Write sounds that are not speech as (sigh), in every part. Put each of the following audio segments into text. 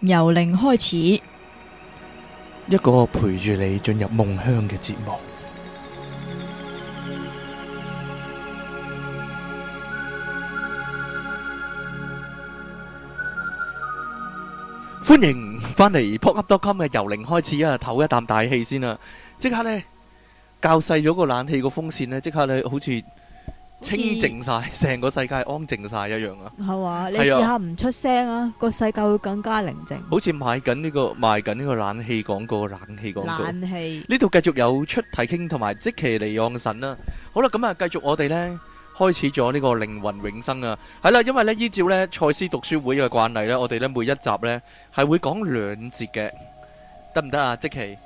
由零開始，一個陪住你進入夢鄉嘅節目，歡迎翻嚟。撲吸多金嘅由零開始啊，唞一啖大氣先啦。即刻咧，較細咗個冷氣個風扇咧，即刻咧好似。清靜晒，成個世界安靜晒一樣啊！係嘛，你試下唔出聲啊，個世界會更加寧靜。好似買緊呢個賣緊呢個冷氣廣告，冷氣廣告。冷氣。呢度繼續有出題傾同埋即其離岸神啦。好啦，咁啊，繼續我哋呢開始咗呢個靈魂永生啊。係啦，因為呢依照呢賽斯讀書會嘅慣例呢，我哋呢每一集呢係會講兩節嘅，得唔得啊？即其。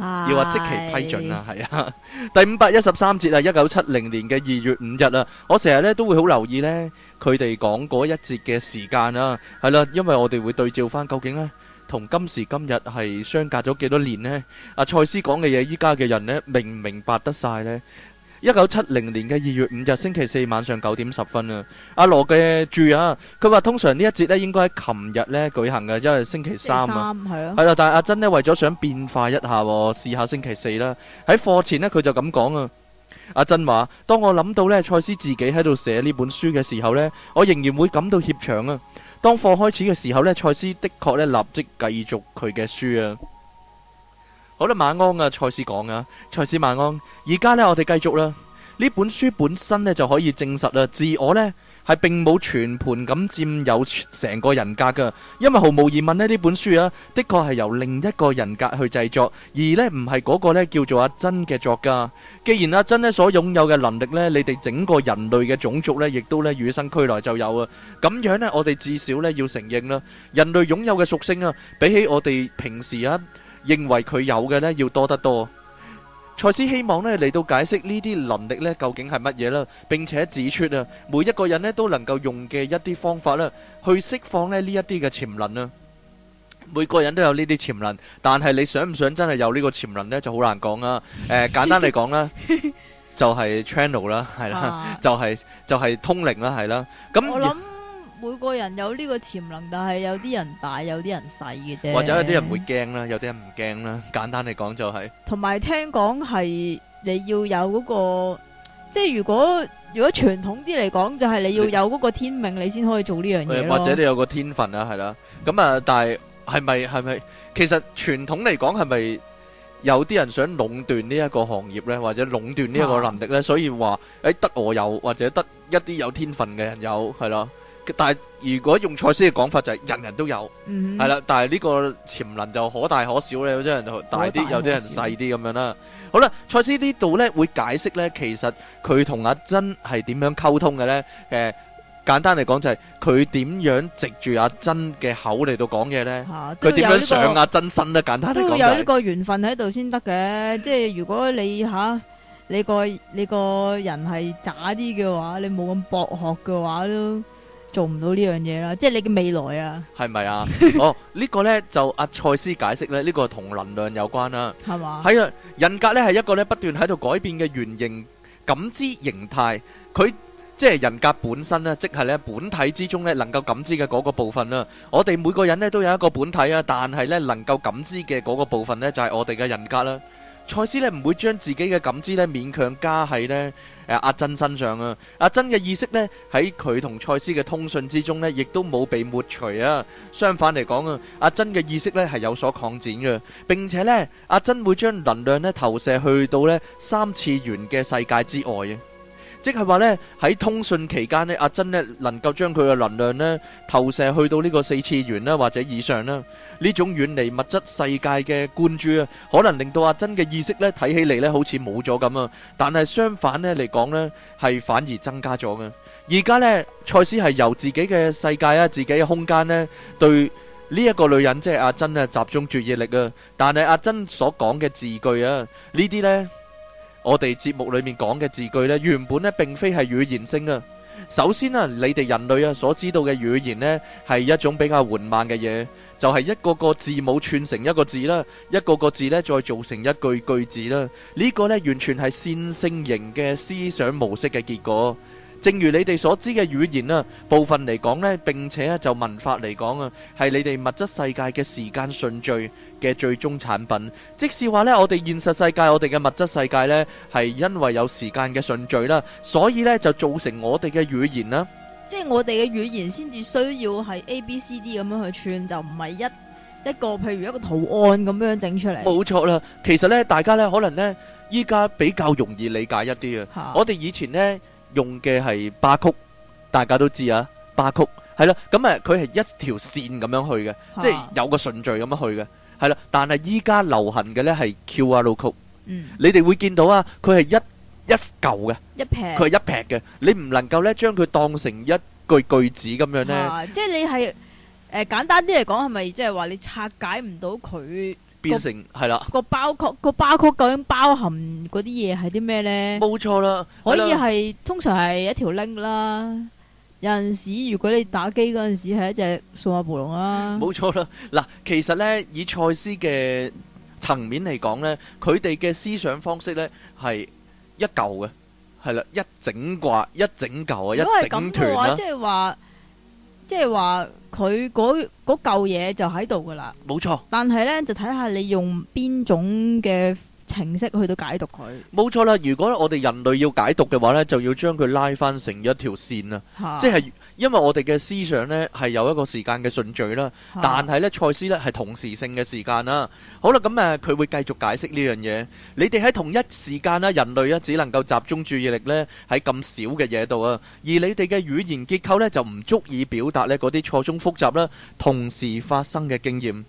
要話即期批准啦，係啊， (laughs) 第五百一十三節啊，一九七零年嘅二月五日啊，我成日咧，都會好留意呢，佢哋講嗰一節嘅時間啊，係啦，因為我哋會對照翻，究竟呢，同今時今日係相隔咗幾多年呢。阿賽斯講嘅嘢，依家嘅人呢，明唔明白得晒呢？一九七零年嘅二月五日星期四晚上九點十分啊,羅啊，阿羅嘅註啊，佢話通常一節呢一節咧應該喺琴日咧舉行嘅，因為星期三啊，係啦、啊，但係阿珍咧為咗想變化一下，試下星期四啦。喺課前呢，佢就咁講啊，阿珍話：當我諗到呢賽斯自己喺度寫呢本書嘅時候呢，我仍然會感到怯場啊。當課開始嘅時候呢，賽斯的確咧立即繼續佢嘅書啊。好啦，晚安啊，蔡司講啊，蔡司晚安。而家咧，我哋繼續啦。呢本書本身咧就可以證實啦，自我咧係並冇全盤咁佔有成個人格噶，因為毫無疑問咧，呢本書啊的確係由另一個人格去製作，而咧唔係嗰個咧叫做阿珍嘅作家。既然阿珍咧所擁有嘅能力咧，你哋整個人類嘅種族咧，亦都咧與生俱來就有啊。咁樣咧，我哋至少咧要承認啦，人類擁有嘅屬性啊，比起我哋平時啊。認為佢有嘅咧要多得多，賽斯希望咧嚟到解釋呢啲能力咧究竟係乜嘢啦，並且指出啊，每一個人咧都能夠用嘅一啲方法啦，去釋放咧呢一啲嘅潛能啦。每個人都有呢啲潛能，但係你想唔想真係有呢個潛能咧就好難講啦。誒，簡單嚟講啦，就係 channel 啦，係啦，就係就係通靈啦，係啦。咁。每個人有呢個潛能，但係有啲人大，有啲人細嘅啫。或者有啲人會驚啦，有啲人唔驚啦。簡單嚟講就係同埋聽講係你要有嗰個，即係如果如果傳統啲嚟講就係你要有嗰個天命，你先可以做呢樣嘢咯。或者你有個天分呀，係啦咁啊。但係係咪係咪？其實傳統嚟講係咪有啲人想壟斷呢一個行業呢，或者壟斷呢一個能力呢？所以話誒，得我有或者得一啲有天分嘅人有係咯。但係如果用蔡思嘅講法就係人人都有，係啦、嗯。但係呢個潛能就可大可小咧，可大可小，有啲人就大啲，有啲人細啲咁樣啦。好啦，蔡思呢度咧會解釋咧，其實佢同阿珍係點樣溝通嘅咧？誒、呃，簡單嚟講就係佢點樣藉住阿珍嘅口嚟到講嘢咧？吓、啊，佢點、這個、樣上阿珍身咧？簡單、就是、都要有呢個緣分喺度先得嘅，即係如果你吓、啊、你個你個人係渣啲嘅話，你冇咁博學嘅話都。做唔到呢樣嘢啦，即係你嘅未來啊？係咪啊？哦，呢個咧就阿塞斯解釋咧，呢個同能量有關啦，係嘛？係啊，人格咧係一個咧不斷喺度改變嘅原型，感知形態。佢即係人格本身咧，即係咧本體之中咧能夠感知嘅嗰個部分啦。我哋每個人咧都有一個本體啊，但係咧能夠感知嘅嗰個部分咧就係我哋嘅人格啦。賽斯咧唔會將自己嘅感知咧勉強加喺咧誒阿珍身上啊，阿珍嘅意識咧喺佢同賽斯嘅通訊之中咧，亦都冇被抹除啊，相反嚟講啊，阿珍嘅意識咧係有所擴展嘅，並且呢，阿珍會將能量咧投射去到咧三次元嘅世界之外啊。即係話呢，喺通訊期間呢，阿珍呢能夠將佢嘅能量呢投射去到呢個四次元啦，或者以上啦。呢種遠離物質世界嘅關注啊，可能令到阿珍嘅意識呢睇起嚟呢好似冇咗咁啊。但係相反呢嚟講呢，係反而增加咗嘅。而家呢，賽斯係由自己嘅世界啊，自己嘅空間呢，對呢一個女人即係阿珍啊，集中注意力啊。但係阿珍所講嘅字句啊，呢啲呢。我哋節目裏面講嘅字句呢，原本呢並非係語言性啊。首先啊，你哋人類啊所知道嘅語言呢，係一種比較緩慢嘅嘢，就係、是、一個個字母串成一個字啦，一個個字呢再造成一句句子啦。呢、呢個呢，完全係線性型嘅思想模式嘅結果。正如你哋所知嘅語言啦，部分嚟講咧，並且咧就文法嚟講啊，係你哋物質世界嘅時間順序嘅最終產品。即使話咧，我哋現實世界，我哋嘅物質世界咧係因為有時間嘅順序啦，所以咧就造成我哋嘅語言啦。即係我哋嘅語言先至需要係 A、B、C、D 咁樣去串，就唔係一一個譬如一個圖案咁樣整出嚟。冇錯啦，其實咧，大家咧可能咧依家比較容易理解一啲啊。我哋以前咧。用嘅係巴曲，大家都知啊。巴曲係咯，咁誒，佢係一條綫咁樣去嘅，即係有個順序咁樣去嘅，係啦。但係依家流行嘅咧係 QR 曲，嗯，你哋會見到啊，佢係一一嚿嘅，一劈，佢係一劈匹嘅，你唔能夠呢將佢當成一句句子咁樣呢？啊、即係你係誒、呃、簡單啲嚟講係咪即係話你拆解唔到佢？變成係 (noise) (noise) 啦，個包曲個包曲究竟包含嗰啲嘢係啲咩咧？冇錯的啦，可以係通常係一條 link 啦。有陣時如果你打機嗰陣時係一隻數碼暴龍啦，冇錯啦。嗱，其實咧以賽斯嘅層面嚟講咧，佢哋嘅思想方式咧係一舊嘅，係啦，一整掛一整舊啊，一整團即係話。即係話佢嗰嗰嚿嘢就喺度噶啦，冇錯。錯但係咧，就睇下你用邊種嘅。程式去到解讀佢，冇錯啦。如果我哋人類要解讀嘅話呢，就要將佢拉返成一條線啦。即係因為我哋嘅思想呢係有一個時間嘅順序啦。但係呢，賽斯呢係同時性嘅時間啦。好啦，咁誒佢會繼續解釋呢樣嘢。你哋喺同一時間啦，人類啊只能夠集中注意力呢喺咁少嘅嘢度啊。而你哋嘅語言結構呢就唔足以表達呢嗰啲錯綜複雜啦、同時發生嘅經驗。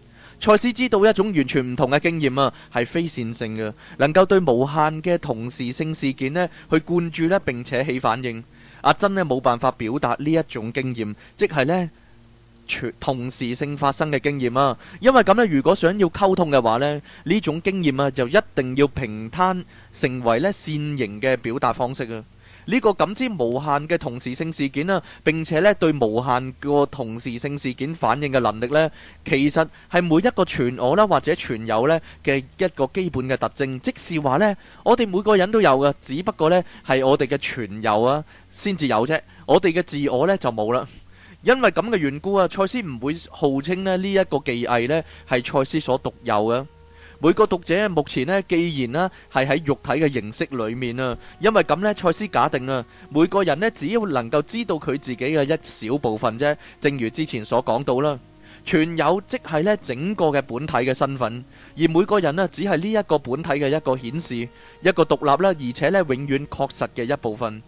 賽斯知道一種完全唔同嘅經驗啊，係非線性嘅，能夠對無限嘅同時性事件咧，去灌注呢，並且起反應。阿珍呢冇辦法表達呢一種經驗，即係呢全同時性發生嘅經驗啊。因為咁咧，如果想要溝通嘅話咧，呢種經驗啊就一定要平攤成為呢線型嘅表達方式啊。呢個感知無限嘅同時性事件啊，並且咧對無限個同時性事件反應嘅能力呢，其實係每一個全我啦或者全有呢嘅一個基本嘅特徵。即是話呢，我哋每個人都有嘅，只不過呢係我哋嘅全有啊先至有啫，我哋嘅自我呢就冇啦。因為咁嘅緣故啊，賽斯唔會號稱咧呢一個技藝呢係賽斯所獨有嘅。每個讀者目前咧，既然咧係喺肉體嘅形式裏面啊，因為咁咧，賽斯假定啊，每個人咧只要能夠知道佢自己嘅一小部分啫。正如之前所講到啦，全有即係咧整個嘅本體嘅身份，而每個人咧只係呢一個本體嘅一個顯示，一個獨立啦，而且咧永遠確實嘅一部分。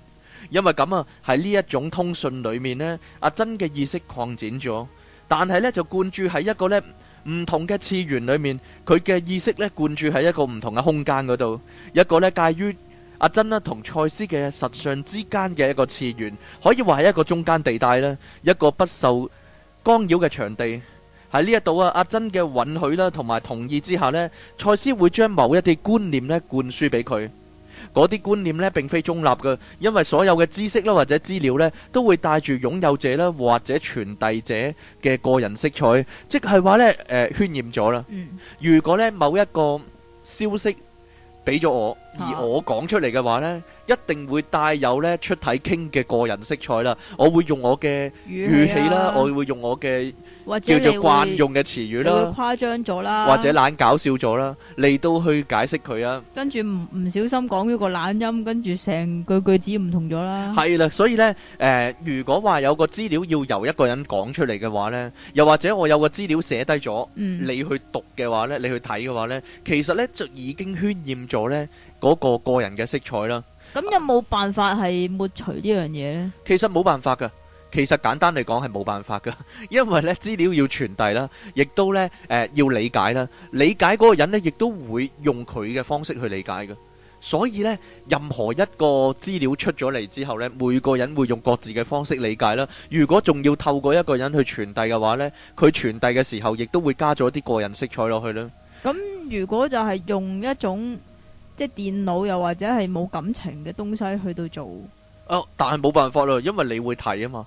因為咁啊，喺呢一種通訊裏面咧，阿珍嘅意識擴展咗，但係咧就灌注喺一個咧。唔同嘅次元裏面，佢嘅意識咧灌注喺一個唔同嘅空間嗰度，一個咧介於阿珍啦同賽斯嘅實相之間嘅一個次元，可以話係一個中間地帶啦，一個不受干擾嘅場地。喺呢一度啊，阿珍嘅允許啦同埋同意之下咧，賽斯會將某一啲觀念咧灌輸俾佢。嗰啲觀念咧並非中立嘅，因為所有嘅知識啦或者資料咧都會帶住擁有者啦或者傳遞者嘅個人色彩，即係話咧誒渲染咗啦。如果咧某一個消息俾咗我而我講出嚟嘅話咧，一定會帶有咧出體傾嘅個人色彩啦。我會用我嘅語氣啦，我會用我嘅。叫做慣用嘅詞語啦，誇張咗啦，或者懶搞笑咗啦，嚟到去解釋佢啊。跟住唔唔小心講咗個懶音，跟住成句句子唔同咗啦。係啦，所以呢，誒，如果話有個資料要由一個人講出嚟嘅話呢，又或者我有個資料寫低咗，你去讀嘅話呢，你去睇嘅話呢，其實呢就已經渲染咗呢嗰個個人嘅色彩啦。咁有冇辦法係抹除呢樣嘢呢？其實冇辦法㗎。其實簡單嚟講係冇辦法㗎，因為呢資料要傳遞啦，亦都呢誒，要理解啦。理解嗰個人呢，亦都會用佢嘅方式去理解㗎。所以呢，任何一個資料出咗嚟之後呢，每個人會用各自嘅方式理解啦。如果仲要透過一個人去傳遞嘅話呢，佢傳遞嘅時候，亦都會加咗啲個人色彩落去啦。咁如果就係用一種即係電腦又或者係冇感情嘅東西去到做，啊，但係冇辦法啦，因為你會睇啊嘛。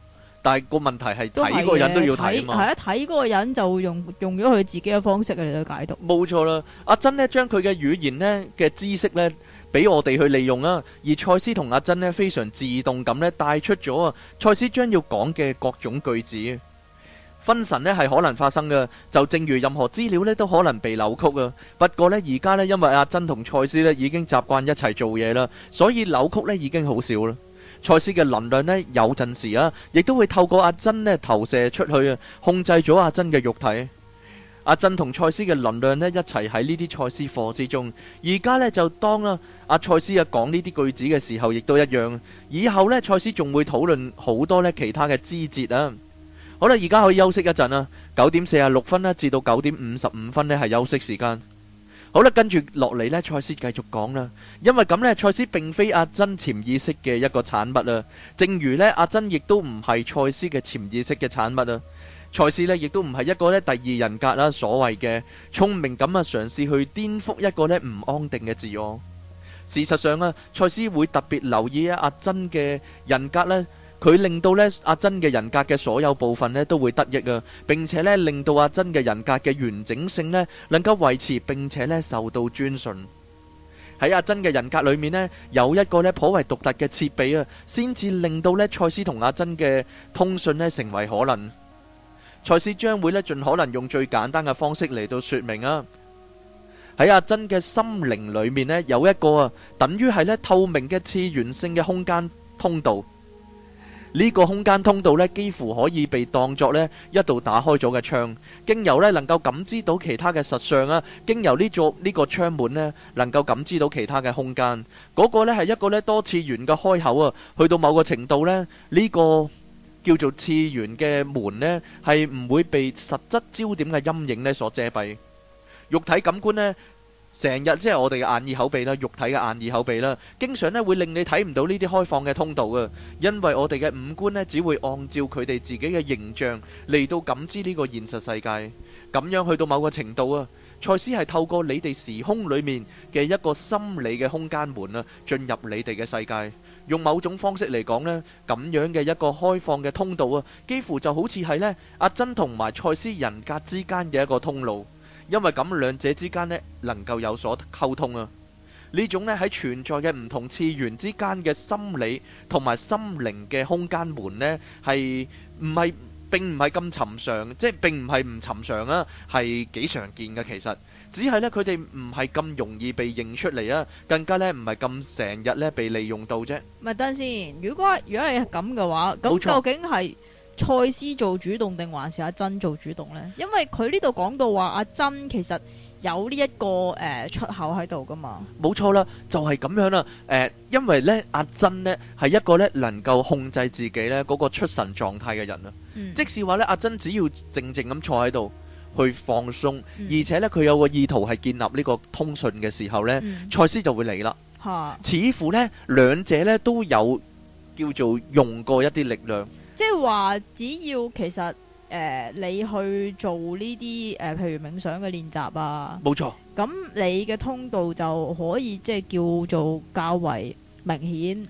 但係個問題係睇個人要都要睇啊一睇嗰個人就用用咗佢自己嘅方式嚟到解讀。冇錯啦，阿珍呢將佢嘅語言呢嘅知識呢俾我哋去利用啊。而賽斯同阿珍呢非常自動咁呢帶出咗啊，賽斯將要講嘅各種句子，分神呢係可能發生㗎，就正如任何資料呢都可能被扭曲啊。不過呢，而家呢，因為阿珍同賽斯呢已經習慣一齊做嘢啦，所以扭曲呢已經好少啦。蔡賽斯嘅能量呢，有陣時啊，亦都會透過阿珍呢投射出去啊，控制咗阿珍嘅肉體。阿珍同賽斯嘅能量呢，一齊喺呢啲賽斯課之中。而家呢，就當啦，阿賽斯啊講呢啲句子嘅時候，亦都一樣。以後呢，賽斯仲會討論好多呢其他嘅枝節啊。好啦，而家可以休息一陣啊。九點四啊六分咧至到九點五十五分呢，係休息時間。好啦，跟住落嚟呢，蔡斯繼續講啦。因為咁呢，蔡斯並非阿珍潛意識嘅一個產物啦、啊。正如呢，阿珍亦都唔係蔡斯嘅潛意識嘅產物啦、啊。蔡斯呢，亦都唔係一個呢第二人格啦、啊，所謂嘅聰明咁啊，嘗試去顛覆一個呢唔安定嘅自我。事實上啊，蔡斯會特別留意阿阿珍嘅人格呢。佢令到呢阿珍嘅人格嘅所有部分呢，都會得益啊，並且呢令到阿珍嘅人格嘅完整性呢，能夠維持，並且呢受到尊崇。喺阿珍嘅人格裏面呢，有一個呢頗為獨特嘅設備啊，先至令到呢賽斯同阿珍嘅通訊呢成為可能。賽斯將會呢盡可能用最簡單嘅方式嚟到說明啊。喺阿珍嘅心靈裏面呢，有一個啊，等於係呢透明嘅次元性嘅空間通道。呢個空間通道咧，幾乎可以被當作咧一度打開咗嘅窗，經由咧能夠感知到其他嘅實相啊，經由呢座呢個窗門咧，能夠感知到其他嘅空間。嗰個咧係一個咧多次元嘅開口啊，去到某個程度咧，呢個叫做次元嘅門咧，係唔會被實質焦點嘅陰影咧所遮蔽，肉體感官咧。成日即係我哋嘅眼耳口鼻啦，肉體嘅眼耳口鼻啦，經常呢會令你睇唔到呢啲開放嘅通道啊，因為我哋嘅五官呢只會按照佢哋自己嘅形象嚟到感知呢個現實世界，咁樣去到某個程度啊，賽斯係透過你哋時空裏面嘅一個心理嘅空間門啊，進入你哋嘅世界，用某種方式嚟講呢，咁樣嘅一個開放嘅通道啊，幾乎就好似係呢阿珍同埋賽斯人格之間嘅一個通路。因為咁兩者之間呢能夠有所溝通啊，呢種呢喺存在嘅唔同次元之間嘅心理同埋心靈嘅空間門呢係唔係並唔係咁尋常，即係並唔係唔尋常啊，係幾常見嘅其實，只係呢佢哋唔係咁容易被認出嚟啊，更加呢唔係咁成日呢被利用到啫。咪等先，如果如果係咁嘅話，咁究竟係？賽斯做主動定還是阿珍做主動咧？因為佢呢度講到話阿珍其實有呢一個誒出口喺度㗎嘛。冇錯啦，就係咁樣啦。誒，因為咧阿珍咧係一個咧能夠控制自己咧嗰個出神狀態嘅人啦。即使話咧阿珍只要靜靜咁坐喺度去放鬆，而且咧佢有個意圖係建立呢個通訊嘅時候咧，賽斯就會嚟啦。嚇，似乎咧兩者咧都有叫做用過一啲力量。即係話，只要其實誒、呃，你去做呢啲誒，譬如冥想嘅練習啊，冇錯錯。咁你嘅通道就可以即係叫做較為明顯。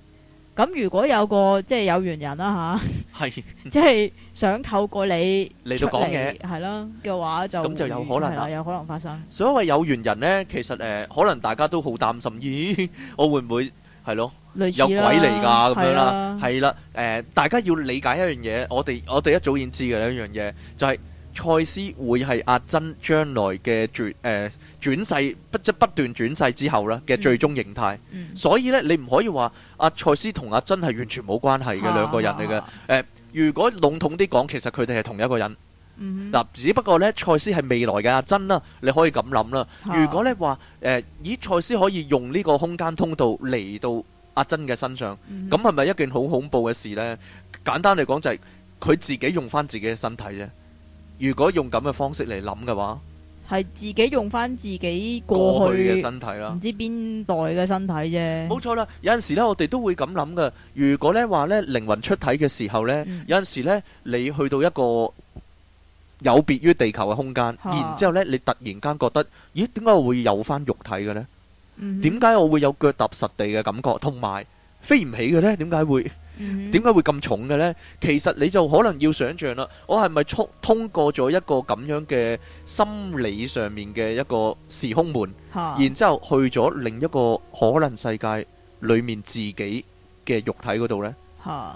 咁如果有個即係有緣人啦、啊、吓，係、啊、 (laughs) 即係想透過你你都講嘢，係 (laughs) 啦嘅話就咁就有可能、啊、啦，有可能發生。所謂有緣人呢，其實誒、呃，可能大家都好擔心咦、欸，我會唔會？係咯，有鬼嚟㗎咁樣啦，係啦，誒、呃，大家要理解一樣嘢，我哋我哋一早已知嘅一樣嘢，就係、是、賽斯會係阿珍將來嘅最誒轉世不即不斷轉世之後咧嘅最終形態，嗯嗯、所以咧你唔可以話阿、啊、賽斯同阿珍係完全冇關係嘅兩個人嚟嘅，誒、呃，如果籠統啲講，其實佢哋係同一個人。嗱，嗯、只不過呢，賽斯係未來嘅阿珍啦，你可以咁諗啦。啊、如果呢話誒，以、呃、賽斯可以用呢個空間通道嚟到阿珍嘅身上，咁係咪一件好恐怖嘅事呢？簡單嚟講，就係佢自己用翻自己嘅身體啫。如果用咁嘅方式嚟諗嘅話，係自己用翻自己過去嘅身體啦，唔知邊代嘅身體啫。嗯、冇錯啦，有陣時呢，我哋都會咁諗嘅。如果呢話呢，靈魂出體嘅時候呢，有陣時呢，你去到一個，一個，有別於地球嘅空間，然之後呢，你突然間覺得，咦？點解我會有返肉體嘅呢？點解我會有腳踏實地嘅感覺，同埋飛唔起嘅呢？點解會？點解會咁重嘅呢？其實你就可能要想象啦，我係咪通通過咗一個咁樣嘅心理上面嘅一個時空門，然之後去咗另一個可能世界裏面自己嘅肉體嗰度呢？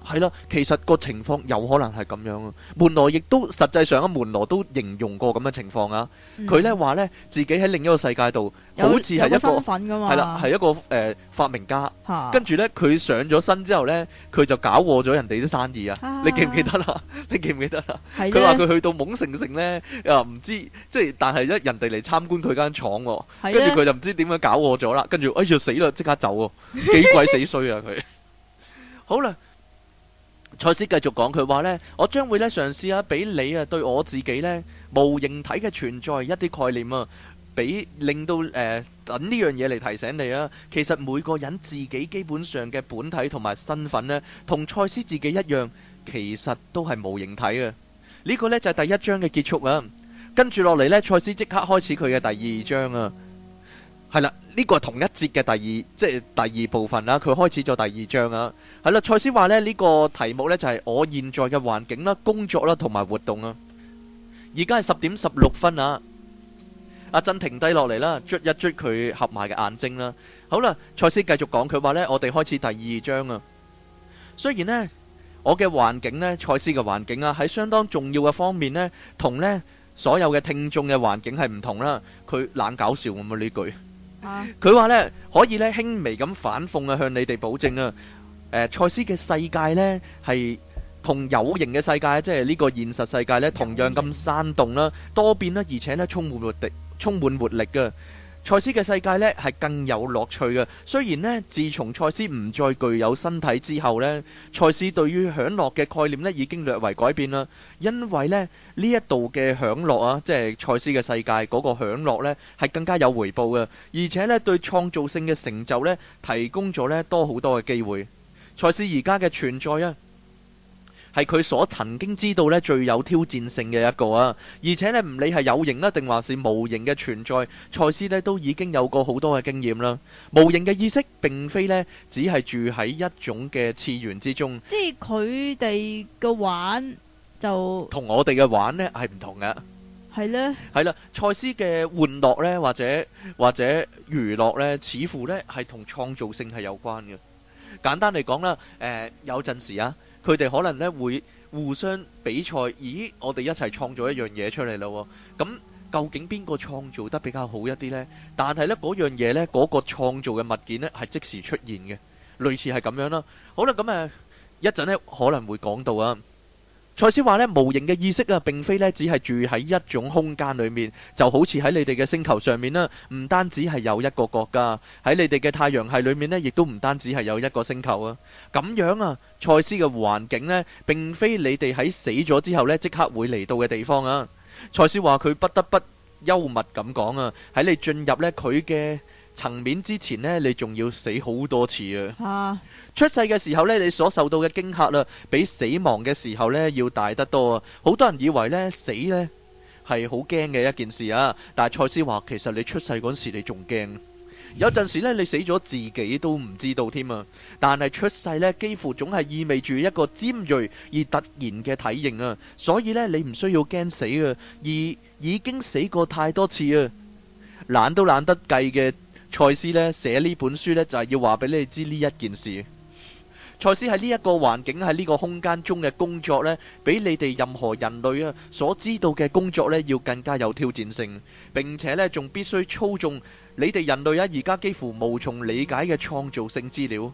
係咯、 (music) 啊，其實個情況有可能係咁樣啊。門羅亦都實際上啊，門羅都形容過咁嘅情況啊。佢咧話咧自己喺另一個世界度，好似係一個係啦，係一個誒、呃、發明家。啊、跟住咧佢上咗身之後咧，佢就搞禍咗人哋啲生意啊。你記唔記得啦？ (laughs) 你記唔記得啦？佢話佢去到懵盛盛咧，啊唔知即係，但係一人哋嚟參觀佢間廠，跟住佢就唔知點樣搞禍咗啦。跟住哎呀死啦，即刻走啊，幾鬼死衰啊佢。好啦。 (laughs) (laughs) 賽斯繼續講，佢話呢，我將會咧嘗試下俾你啊，對我自己呢無形體嘅存在一啲概念啊，俾令到誒、呃、等呢樣嘢嚟提醒你啊。其實每個人自己基本上嘅本體同埋身份呢，同賽斯自己一樣，其實都係無形體啊。呢、這個呢就係第一章嘅結束啊。跟住落嚟呢，賽斯即刻開始佢嘅第二章啊。係啦，呢個係同一節嘅第二，即係第二部分啦。佢開始咗第二章啊。係啦，賽斯話咧呢個題目咧就係我現在嘅環境啦、工作啦同埋活動啊。而家係十點十六分啊。阿珍停低落嚟啦，捽一捽佢合埋嘅眼睛啦。好啦，賽斯繼續講，佢話咧我哋開始第二章啊。雖然咧我嘅環境咧賽斯嘅環境啊喺相當重要嘅方面咧同咧所有嘅聽眾嘅環境係唔同啦。佢懶搞笑咁啊呢句。佢話呢，可以咧輕微咁反諷啊，向你哋保證啊，誒、呃，賽斯嘅世界呢，係同有形嘅世界，即係呢個現實世界呢，同樣咁生動啦、啊、多變啦、啊，而且呢，充滿活力，充滿活力嘅。賽斯嘅世界呢係更有樂趣嘅，雖然呢，自從賽斯唔再具有身體之後呢，賽斯對於享樂嘅概念呢已經略為改變啦，因為呢呢一度嘅享樂啊，即係賽斯嘅世界嗰個享樂呢係更加有回報嘅，而且呢對創造性嘅成就呢提供咗呢多好多嘅機會。賽斯而家嘅存在啊！係佢所曾經知道咧最有挑戰性嘅一個啊！而且咧唔理係有形啦定話是無形嘅存在，賽斯咧都已經有過好多嘅經驗啦。無形嘅意識並非咧只係住喺一種嘅次元之中。即係佢哋嘅玩就我玩同我哋嘅玩咧係唔同嘅。係咧呢，係啦，賽斯嘅玩樂咧或者或者娛樂咧，似乎咧係同創造性係有關嘅。簡單嚟講啦，誒、呃、有陣時啊～佢哋可能咧會互相比賽，咦？我哋一齊創造一樣嘢出嚟咯，咁究竟邊個創造得比較好一啲呢？但係呢嗰樣嘢呢，嗰個創造嘅物件呢，係即時出現嘅，類似係咁樣啦。好啦，咁誒一陣呢可能會講到啊。賽斯話咧，無形嘅意識啊，並非咧只係住喺一種空間裏面，就好似喺你哋嘅星球上面啦。唔單止係有一個國家喺你哋嘅太陽系裏面咧，亦都唔單止係有一個星球啊。咁樣啊，賽斯嘅環境咧，並非你哋喺死咗之後咧，即刻會嚟到嘅地方啊。賽斯話佢不得不幽默咁講啊，喺你進入咧佢嘅層面之前呢，你仲要死好多次啊！啊，出世嘅時候呢，你所受到嘅驚嚇啦，比死亡嘅時候呢要大得多啊！好多人以為呢死呢係好驚嘅一件事啊，但係賽斯話，其實你出世嗰時你仲驚，啊、有陣時呢你死咗自己都唔知道添啊！但係出世呢，幾乎總係意味住一個尖銳而突然嘅體型啊，所以呢，你唔需要驚死啊，而已經死過太多次啊，懶都懶得計嘅。蔡斯咧寫呢寫本書咧就係、是、要話俾你知呢一件事，賽斯喺呢一個環境喺呢個空間中嘅工作咧，比你哋任何人類啊所知道嘅工作咧要更加有挑戰性，並且咧仲必須操縱你哋人類啊而家幾乎無從理解嘅創造性資料。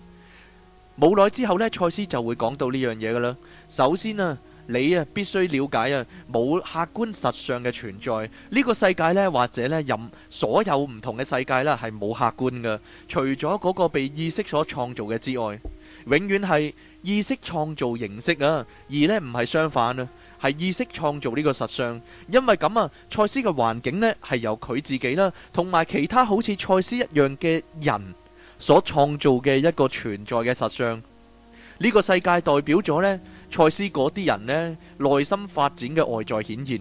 冇耐之後咧，賽斯就會講到呢樣嘢㗎喇。首先啊。你啊，必須了解啊，冇客觀實相嘅存在。呢個世界呢，或者呢，任所有唔同嘅世界啦，係冇客觀嘅，除咗嗰個被意識所創造嘅之外，永遠係意識創造形式啊，而呢，唔係相反啊，係意識創造呢個實相。因為咁啊，賽斯嘅環境呢，係由佢自己啦，同埋其他好似賽斯一樣嘅人所創造嘅一個存在嘅實相。呢個世界代表咗呢，賽斯嗰啲人咧，內心發展嘅外在顯現。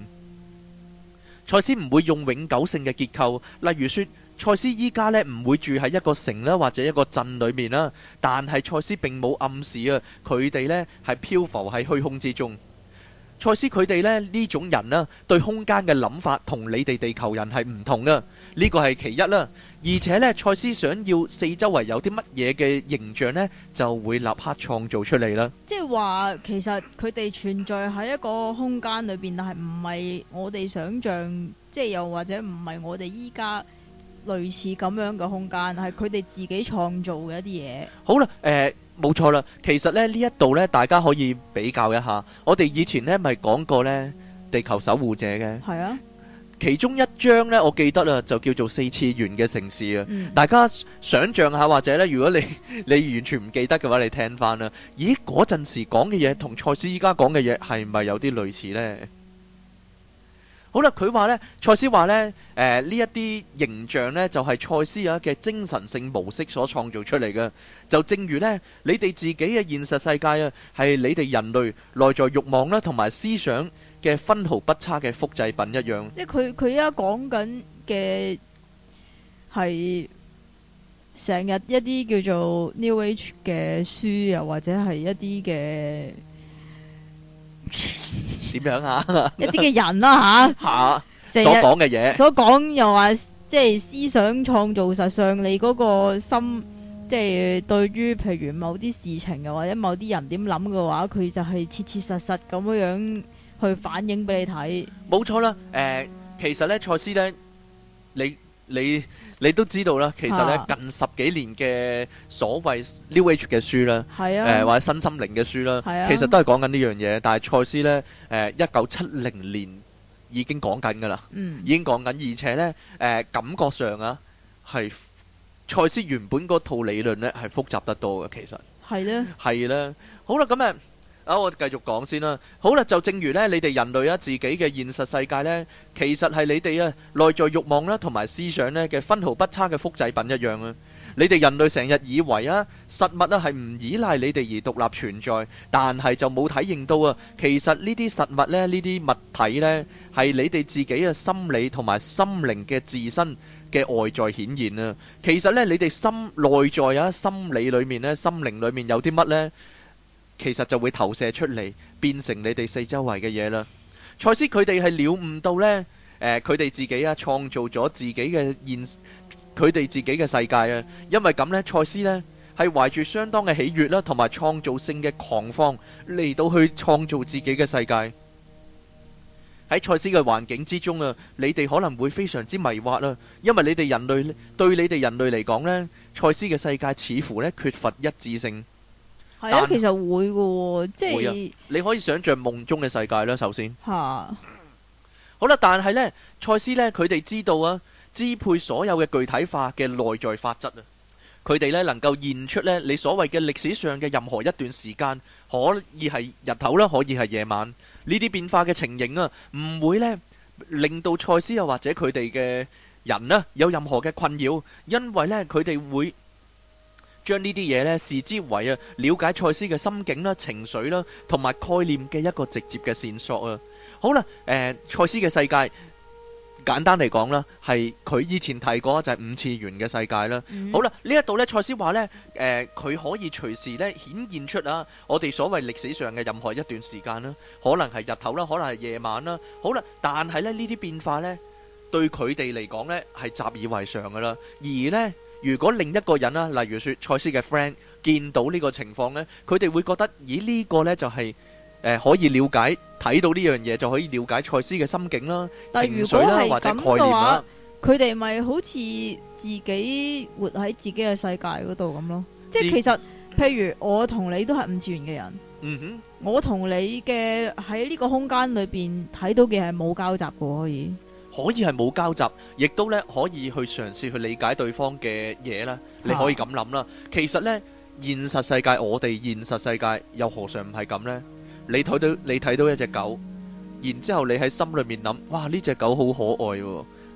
賽斯唔會用永久性嘅結構，例如說，賽斯依家咧唔會住喺一個城啦，或者一個鎮裏面啦，但係賽斯並冇暗示啊，佢哋咧係漂浮喺虛空之中。賽斯佢哋咧呢種人啦，對空間嘅諗法同你哋地球人係唔同嘅，呢個係其一啦。而且呢，賽斯想要四周圍有啲乜嘢嘅形象呢，就會立刻創造出嚟啦。即係話，其實佢哋存在喺一個空間裏邊，但係唔係我哋想象，即係又或者唔係我哋依家類似咁樣嘅空間，係佢哋自己創造嘅一啲嘢。好啦，誒、呃，冇錯啦，其實咧呢一度呢，大家可以比較一下，我哋以前呢，咪講過呢，地球守護者嘅，係啊。其中一章呢，我記得啦、啊，就叫做四次元嘅城市啊！嗯、大家想象下，或者呢，如果你你完全唔記得嘅話，你聽翻啦。咦，嗰陣時講嘅嘢同賽斯依家講嘅嘢係咪有啲類似呢？好啦，佢話呢，賽斯話呢，誒呢一啲形象呢，就係、是、賽斯啊嘅精神性模式所創造出嚟嘅，就正如呢，你哋自己嘅現實世界啊，係你哋人類內在慾望啦，同埋思想嘅分毫不差嘅複製品一樣，即係佢佢而家講緊嘅係成日一啲叫做 New Age 嘅書，又或者係一啲嘅點樣啊？ (laughs) 一啲嘅人啦嚇嚇成日所講嘅嘢，所講又話即係思想創造，實上你嗰個心，即係對於譬如某啲事情又或者某啲人點諗嘅話，佢就係切切實實咁樣。去反映俾你睇，冇錯啦。誒、呃，其實咧，賽斯咧，你你你都知道啦。其實咧，啊、近十幾年嘅所謂 New Age 嘅書啦，誒是、啊呃、或者新心靈嘅書啦，是啊、其實都係講緊呢樣嘢。但係賽斯咧，誒一九七零年已經講緊噶啦，嗯、已經講緊，而且咧，誒、呃、感覺上啊，係賽斯原本嗰套理論咧係複雜得多嘅，其實係咧，係咧是呢。 (laughs) 好啦，咁啊。啊！我繼續講先啦。好啦，就正如咧，你哋人類啊，自己嘅現實世界咧，其實係你哋啊內在欲望啦，同埋思想咧嘅分毫不差嘅複製品一樣啊。你哋人類成日以為啊，實物啊係唔依賴你哋而獨立存在，但係就冇體認到啊，其實呢啲實物咧，呢啲物體咧，係你哋自己嘅心理同埋心靈嘅自身嘅外在顯現啊。其實咧，你哋心內在啊，心理裏面咧，心靈裏面有啲乜咧？其實就會投射出嚟，變成你哋四周圍嘅嘢啦。賽斯佢哋係了悟到呢，呃、佢哋自己啊，創造咗自己嘅現，佢哋自己嘅世界啊。因為咁呢，賽斯呢係懷住相當嘅喜悦啦，啊，同埋創造性嘅狂放嚟到去創造自己嘅世界。喺賽斯嘅環境之中啊，你哋可能會非常之迷惑啦，啊，因為你哋人類咧，對你哋人類嚟講呢，賽斯嘅世界似乎呢，缺乏呢缺乏一致性。係啊，但其實會嘅，即係、啊、你可以想象夢中嘅世界啦。首先，吓哈好啦，但係呢，賽斯呢，佢哋知道啊，支配所有嘅具體化嘅內在法則啊，佢哋呢，能夠現出呢，你所謂嘅歷史上嘅任何一段時間，可以係日頭啦，可以係夜晚呢啲變化嘅情形啊，唔會呢，令到賽斯又、啊、或者佢哋嘅人呢、啊、有任何嘅困擾，因為呢，佢哋會。將呢啲嘢呢視之為啊，了解賽斯嘅心境啦、情緒啦，同埋概念嘅一個直接嘅線索啊。好啦，誒、呃，賽斯嘅世界，簡單嚟講啦，係佢以前提過就係五次元嘅世界啦。嗯、好啦，呢一度呢，賽斯話呢，誒、呃，佢可以隨時咧顯現出啊，我哋所謂歷史上嘅任何一段時間啦，可能係日頭啦，可能係夜晚啦。好啦，但係咧，呢啲變化呢，對佢哋嚟講呢，係習以為常噶啦，而呢。如果另一個人啦，例如説賽斯嘅 friend 見到呢個情況咧，佢哋會覺得，咦呢、這個呢、就是，就係誒可以了解，睇到呢樣嘢就可以了解賽斯嘅心境啦、但 情緒啦或者概念，佢哋咪好似自己活喺自己嘅世界嗰度咁咯。即係其實，譬如我同你都係五次元嘅人，嗯哼，我同你嘅喺呢個空間裏邊睇到嘅係冇交集嘅可以。可以係冇交集，亦都咧可以去嘗試去理解對方嘅嘢啦。你可以咁諗啦。其實呢，現實世界我哋現實世界又何嘗唔係咁呢？你睇到你睇到一隻狗，然之後你喺心裏面諗，哇呢隻狗好可愛，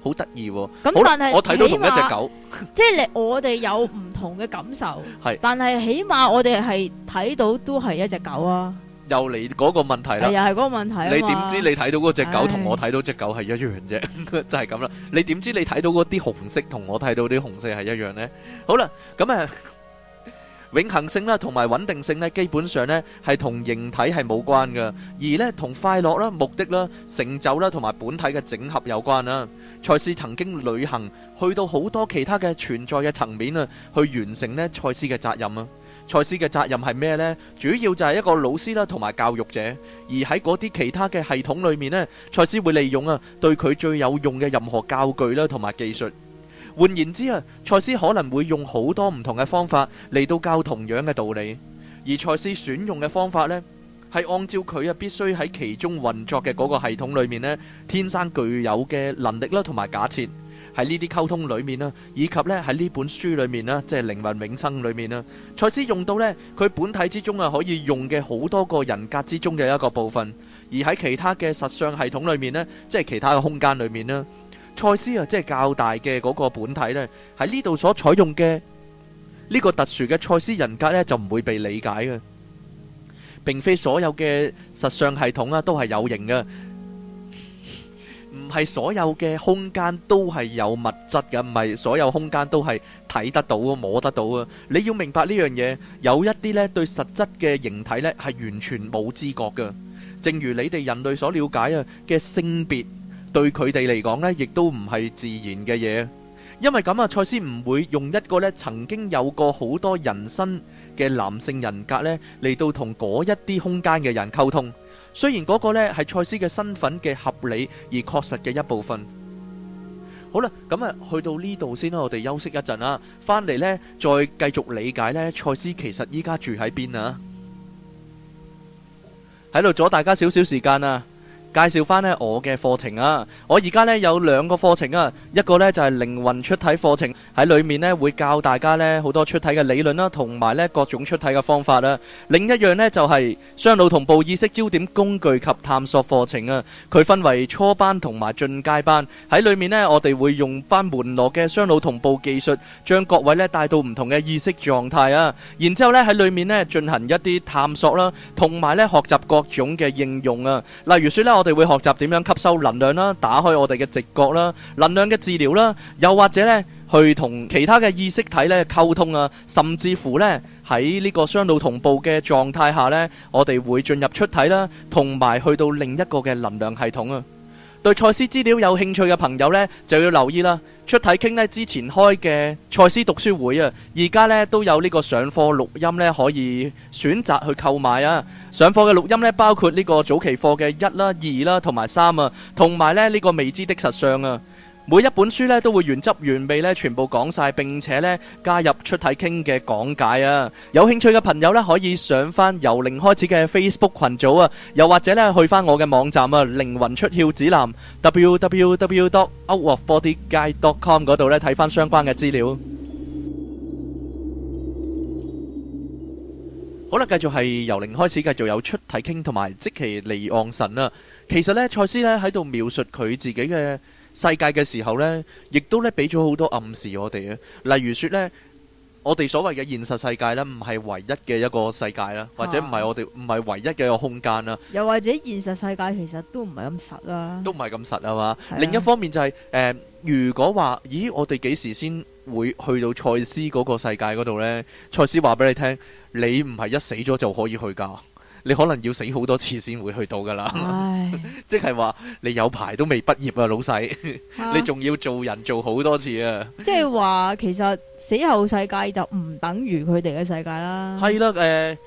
好得意。咁但係我睇到同一隻狗，即係我哋有唔同嘅感受。係，但係起碼我哋係睇到都係一隻狗啊。又嚟嗰個問題啦，又係嗰個問題啊嘛！你點知你睇到嗰隻狗同我睇到隻狗係一樣啫，就係咁啦。你點知你睇到嗰啲紅色同我睇到啲紅色係一樣咧？好啦，咁啊，永恆性啦，同埋穩定性咧，基本上咧係同形體係冇關噶，而咧同快樂啦、目的啦、成就啦，同埋本體嘅整合有關啦。賽斯曾經旅行去到好多其他嘅存在嘅層面啊，去完成咧賽斯嘅責任啊。賽斯嘅責任係咩呢？主要就係一個老師啦，同埋教育者。而喺嗰啲其他嘅系統裏面呢，賽斯會利用啊，對佢最有用嘅任何教具啦，同埋技術。換言之啊，賽斯可能會用好多唔同嘅方法嚟到教同樣嘅道理。而賽斯選用嘅方法呢，係按照佢啊必須喺其中運作嘅嗰個系統裏面呢，天生具有嘅能力啦，同埋假設。喺呢啲溝通裏面啦，以及咧喺呢本書裏面啦，即係靈魂永生裏面啦，賽斯用到咧佢本體之中啊可以用嘅好多個人格之中嘅一個部分，而喺其他嘅實相系統裏面咧，即係其他嘅空間裏面啦，賽斯啊即係較大嘅嗰個本體咧，喺呢度所採用嘅呢個特殊嘅賽斯人格咧就唔會被理解嘅。並非所有嘅實相系統啊都係有形嘅。唔係所有嘅空間都係有物質嘅，唔係所有空間都係睇得到、摸得到啊！你要明白呢樣嘢，有一啲咧對實質嘅形體咧係完全冇知覺嘅，正如你哋人類所了解啊嘅性別，對佢哋嚟講咧亦都唔係自然嘅嘢，因為咁啊，賽斯唔會用一個咧曾經有過好多人生嘅男性人格咧嚟到同嗰一啲空間嘅人溝通。雖然嗰個呢係賽斯嘅身份嘅合理而確實嘅一部分，好啦，咁啊去到呢度先啦，我哋休息一陣啦，翻嚟呢再繼續理解呢賽斯其實依家住喺邊啊，喺度阻大家少少時間啊。介紹翻咧我嘅課程啊！我而家咧有兩個課程啊，一個咧就係靈魂出體課程，喺裡面咧會教大家咧好多出體嘅理論啦，同埋咧各種出體嘅方法啦。另一樣咧就係雙腦同步意識焦點工具及探索課程啊。佢分為初班同埋進階班，喺裡面咧我哋會用返門羅嘅雙腦同步技術，將各位咧帶到唔同嘅意識狀態啊。然之後咧喺裡面咧進行一啲探索啦，同埋咧學習各種嘅應用啊。例如説咧我。我哋會學習點樣吸收能量啦，打開我哋嘅直覺啦，能量嘅治療啦，又或者呢，去同其他嘅意識體呢溝通啊，甚至乎呢喺呢個雙腦同步嘅狀態下呢，我哋會進入出體啦，同埋去到另一個嘅能量系統啊。對賽斯資料有興趣嘅朋友呢，就要留意啦。出體傾呢之前開嘅賽斯讀書會啊，而家呢都有呢個上課錄音呢，可以選擇去購買啊。上課嘅錄音咧，包括呢個早期課嘅一啦、二啦同埋三啊，同埋咧呢個未知的實相啊。每一本書咧都會原汁原味咧全部講晒，並且咧加入出體傾嘅講解啊。有興趣嘅朋友咧，可以上返由零開始嘅 Facebook 群組啊，又或者咧去返我嘅網站啊，靈魂出竅指南 www.outofbodyguide.com 嗰度咧睇返相關嘅資料。好啦，繼續係由零開始，繼續有出體傾同埋即其離岸神啦、啊。其實呢，賽斯呢喺度描述佢自己嘅世界嘅時候呢，亦都呢俾咗好多暗示我哋嘅、啊。例如説呢，我哋所謂嘅現實世界呢，唔係唯一嘅一個世界啦、啊，或者唔係我哋唔係唯一嘅一個空間啦、啊。又或者現實世界其實都唔係咁實啦。都唔係咁實啊嘛。啊的另一方面就係、是、誒、呃，如果話，咦，我哋幾時先會去到賽斯嗰個世界嗰度呢？賽斯話俾你聽，你唔係一死咗就可以去噶，你可能要死好多次先會去到噶啦。即係話你有排都未畢業啊，老細，啊、 (laughs) 你仲要做人做好多次啊。即係話其實死後世界就唔等於佢哋嘅世界啦。係啦， (laughs) 誒、呃，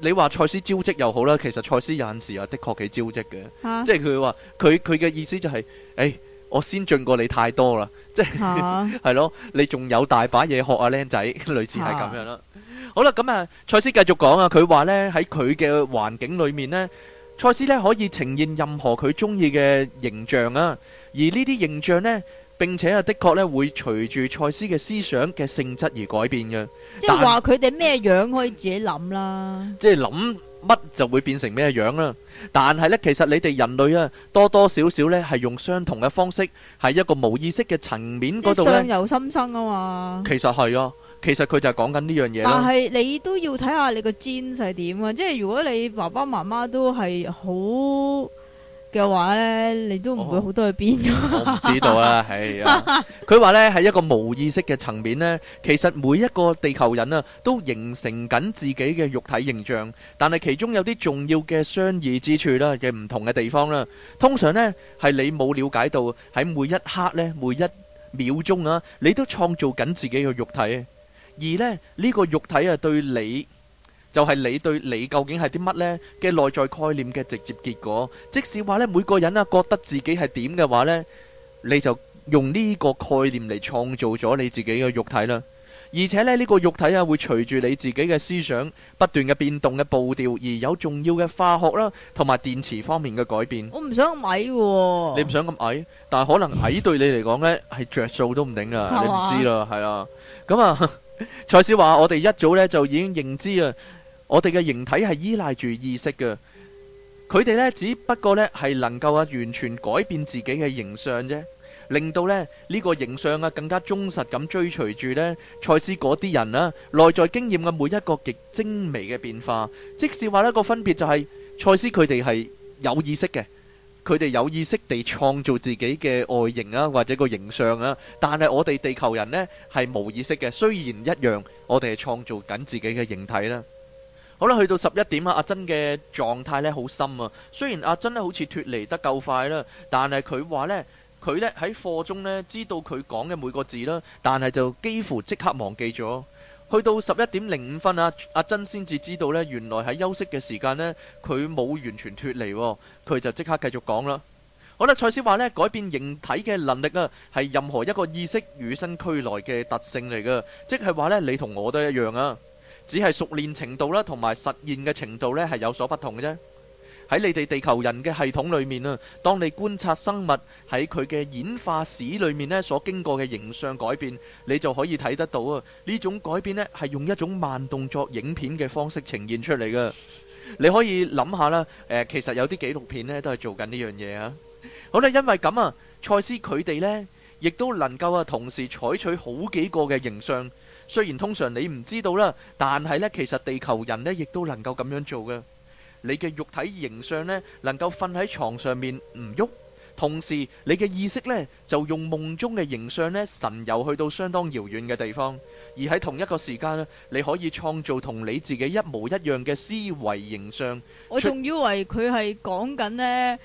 你話賽斯招積又好啦，其實賽斯有陣時啊的確幾招積嘅。即係佢話佢佢嘅意思就係、是，誒、欸。我先進過你太多啦，即係係、uh huh. (laughs) 咯，你仲有大把嘢學啊，靚仔，類似係咁樣啦。Uh huh. 好啦，咁啊，賽斯繼續講啊，佢話呢，喺佢嘅環境裏面呢，賽斯呢可以呈現任何佢中意嘅形象啊，而呢啲形象呢，並且啊，的確咧會隨住賽斯嘅思想嘅性質而改變嘅。即係話佢哋咩樣可以自己諗啦。即係諗乜就會變成咩樣啦。但係咧，其實你哋人類啊，多多少少咧係用相同嘅方式，喺一個無意識嘅層面度。相由心生啊嘛。其實係啊，其實佢就係講緊呢樣嘢。但係你都要睇下你個 gen 係點啊，即係如果你爸爸媽媽都係好。嘅話呢，你都唔會好多去邊噶、 (laughs) 哦。我知道啦，係啊。佢話呢，喺一個無意識嘅層面呢，其實每一個地球人啊，都形成緊自己嘅肉體形象，但係其中有啲重要嘅相異之處啦，嘅唔同嘅地方啦，通常呢，係你冇了解到喺每一刻呢，每一秒鐘啊，你都創造緊自己嘅肉體，而呢，呢、這個肉體啊對你。就係你對你究竟係啲乜呢嘅內在概念嘅直接結果。即使話呢，每個人啊覺得自己係點嘅話呢，你就用呢個概念嚟創造咗你自己嘅肉體啦。而且呢呢個肉體啊會隨住你自己嘅思想不斷嘅變動嘅步調，而有重要嘅化學啦同埋電磁方面嘅改變。我唔想咁矮嘅，你唔想咁矮，但係可能矮對你嚟講呢係著數都唔定噶，你唔知啦，係啦。咁啊，蔡司話我哋一早呢就已經認知啊。我哋嘅形體係依賴住意識嘅，佢哋呢，只不過呢係能夠啊完全改變自己嘅形象啫，令到咧呢，這個形象啊更加忠實咁追隨住呢賽斯嗰啲人啦、啊。內在經驗嘅每一個極精微嘅變化，即係話咧個分別就係、是、賽斯佢哋係有意識嘅，佢哋有意識地創造自己嘅外形啊或者個形象啊，但係我哋地球人呢，係冇意識嘅。雖然一樣，我哋係創造緊自己嘅形體啦。好啦，去到十一點啊，阿珍嘅狀態咧好深啊。雖然阿珍咧好似脫離得夠快啦，但係佢話呢，佢呢喺課中呢知道佢講嘅每個字啦，但係就幾乎即刻忘記咗。去到十一點零五分啊，阿珍先至知道呢，原來喺休息嘅時間呢，佢冇完全脫離，佢就即刻繼續講啦。好啦，蔡思話呢改變形體嘅能力啊，係任何一個意識與生俱來嘅特性嚟㗎，即係話呢，你同我都一樣啊。只係熟練程度啦，同埋實現嘅程度咧，係有所不同嘅啫。喺你哋地球人嘅系統裏面啊，當你觀察生物喺佢嘅演化史裏面咧所經過嘅形象改變，你就可以睇得到啊。呢種改變咧係用一種慢動作影片嘅方式呈現出嚟噶。你可以諗下啦。誒，其實有啲紀錄片咧都係做緊呢樣嘢啊。好啦，因為咁啊，賽斯佢哋咧亦都能夠啊同時採取好幾個嘅形象。雖然通常你唔知道啦，但係咧，其實地球人咧亦都能夠咁樣做噶。你嘅肉體形象咧，能夠瞓喺床上面唔喐，同時你嘅意識咧就用夢中嘅形象咧神遊去到相當遙遠嘅地方，而喺同一個時間咧，你可以創造同你自己一模一樣嘅思維形象。我仲以為佢係講緊咧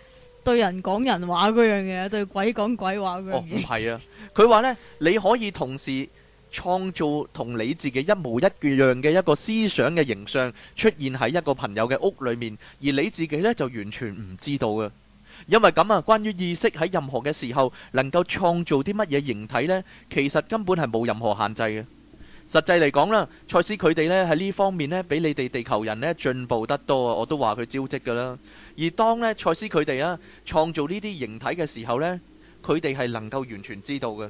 對人講人話嗰樣嘢，對鬼講鬼話嗰樣嘢。哦，唔係啊，佢話咧你可以同時。創造同你自己一模一樣嘅一個思想嘅形象出現喺一個朋友嘅屋裏面，而你自己呢就完全唔知道嘅。因為咁啊，關於意識喺任何嘅時候能夠創造啲乜嘢形體呢，其實根本係冇任何限制嘅。實際嚟講啦，賽斯佢哋呢喺呢方面呢比你哋地球人呢進步得多啊！我都話佢招積噶啦。而當呢賽斯佢哋啊創造呢啲形體嘅時候呢，佢哋係能夠完全知道嘅。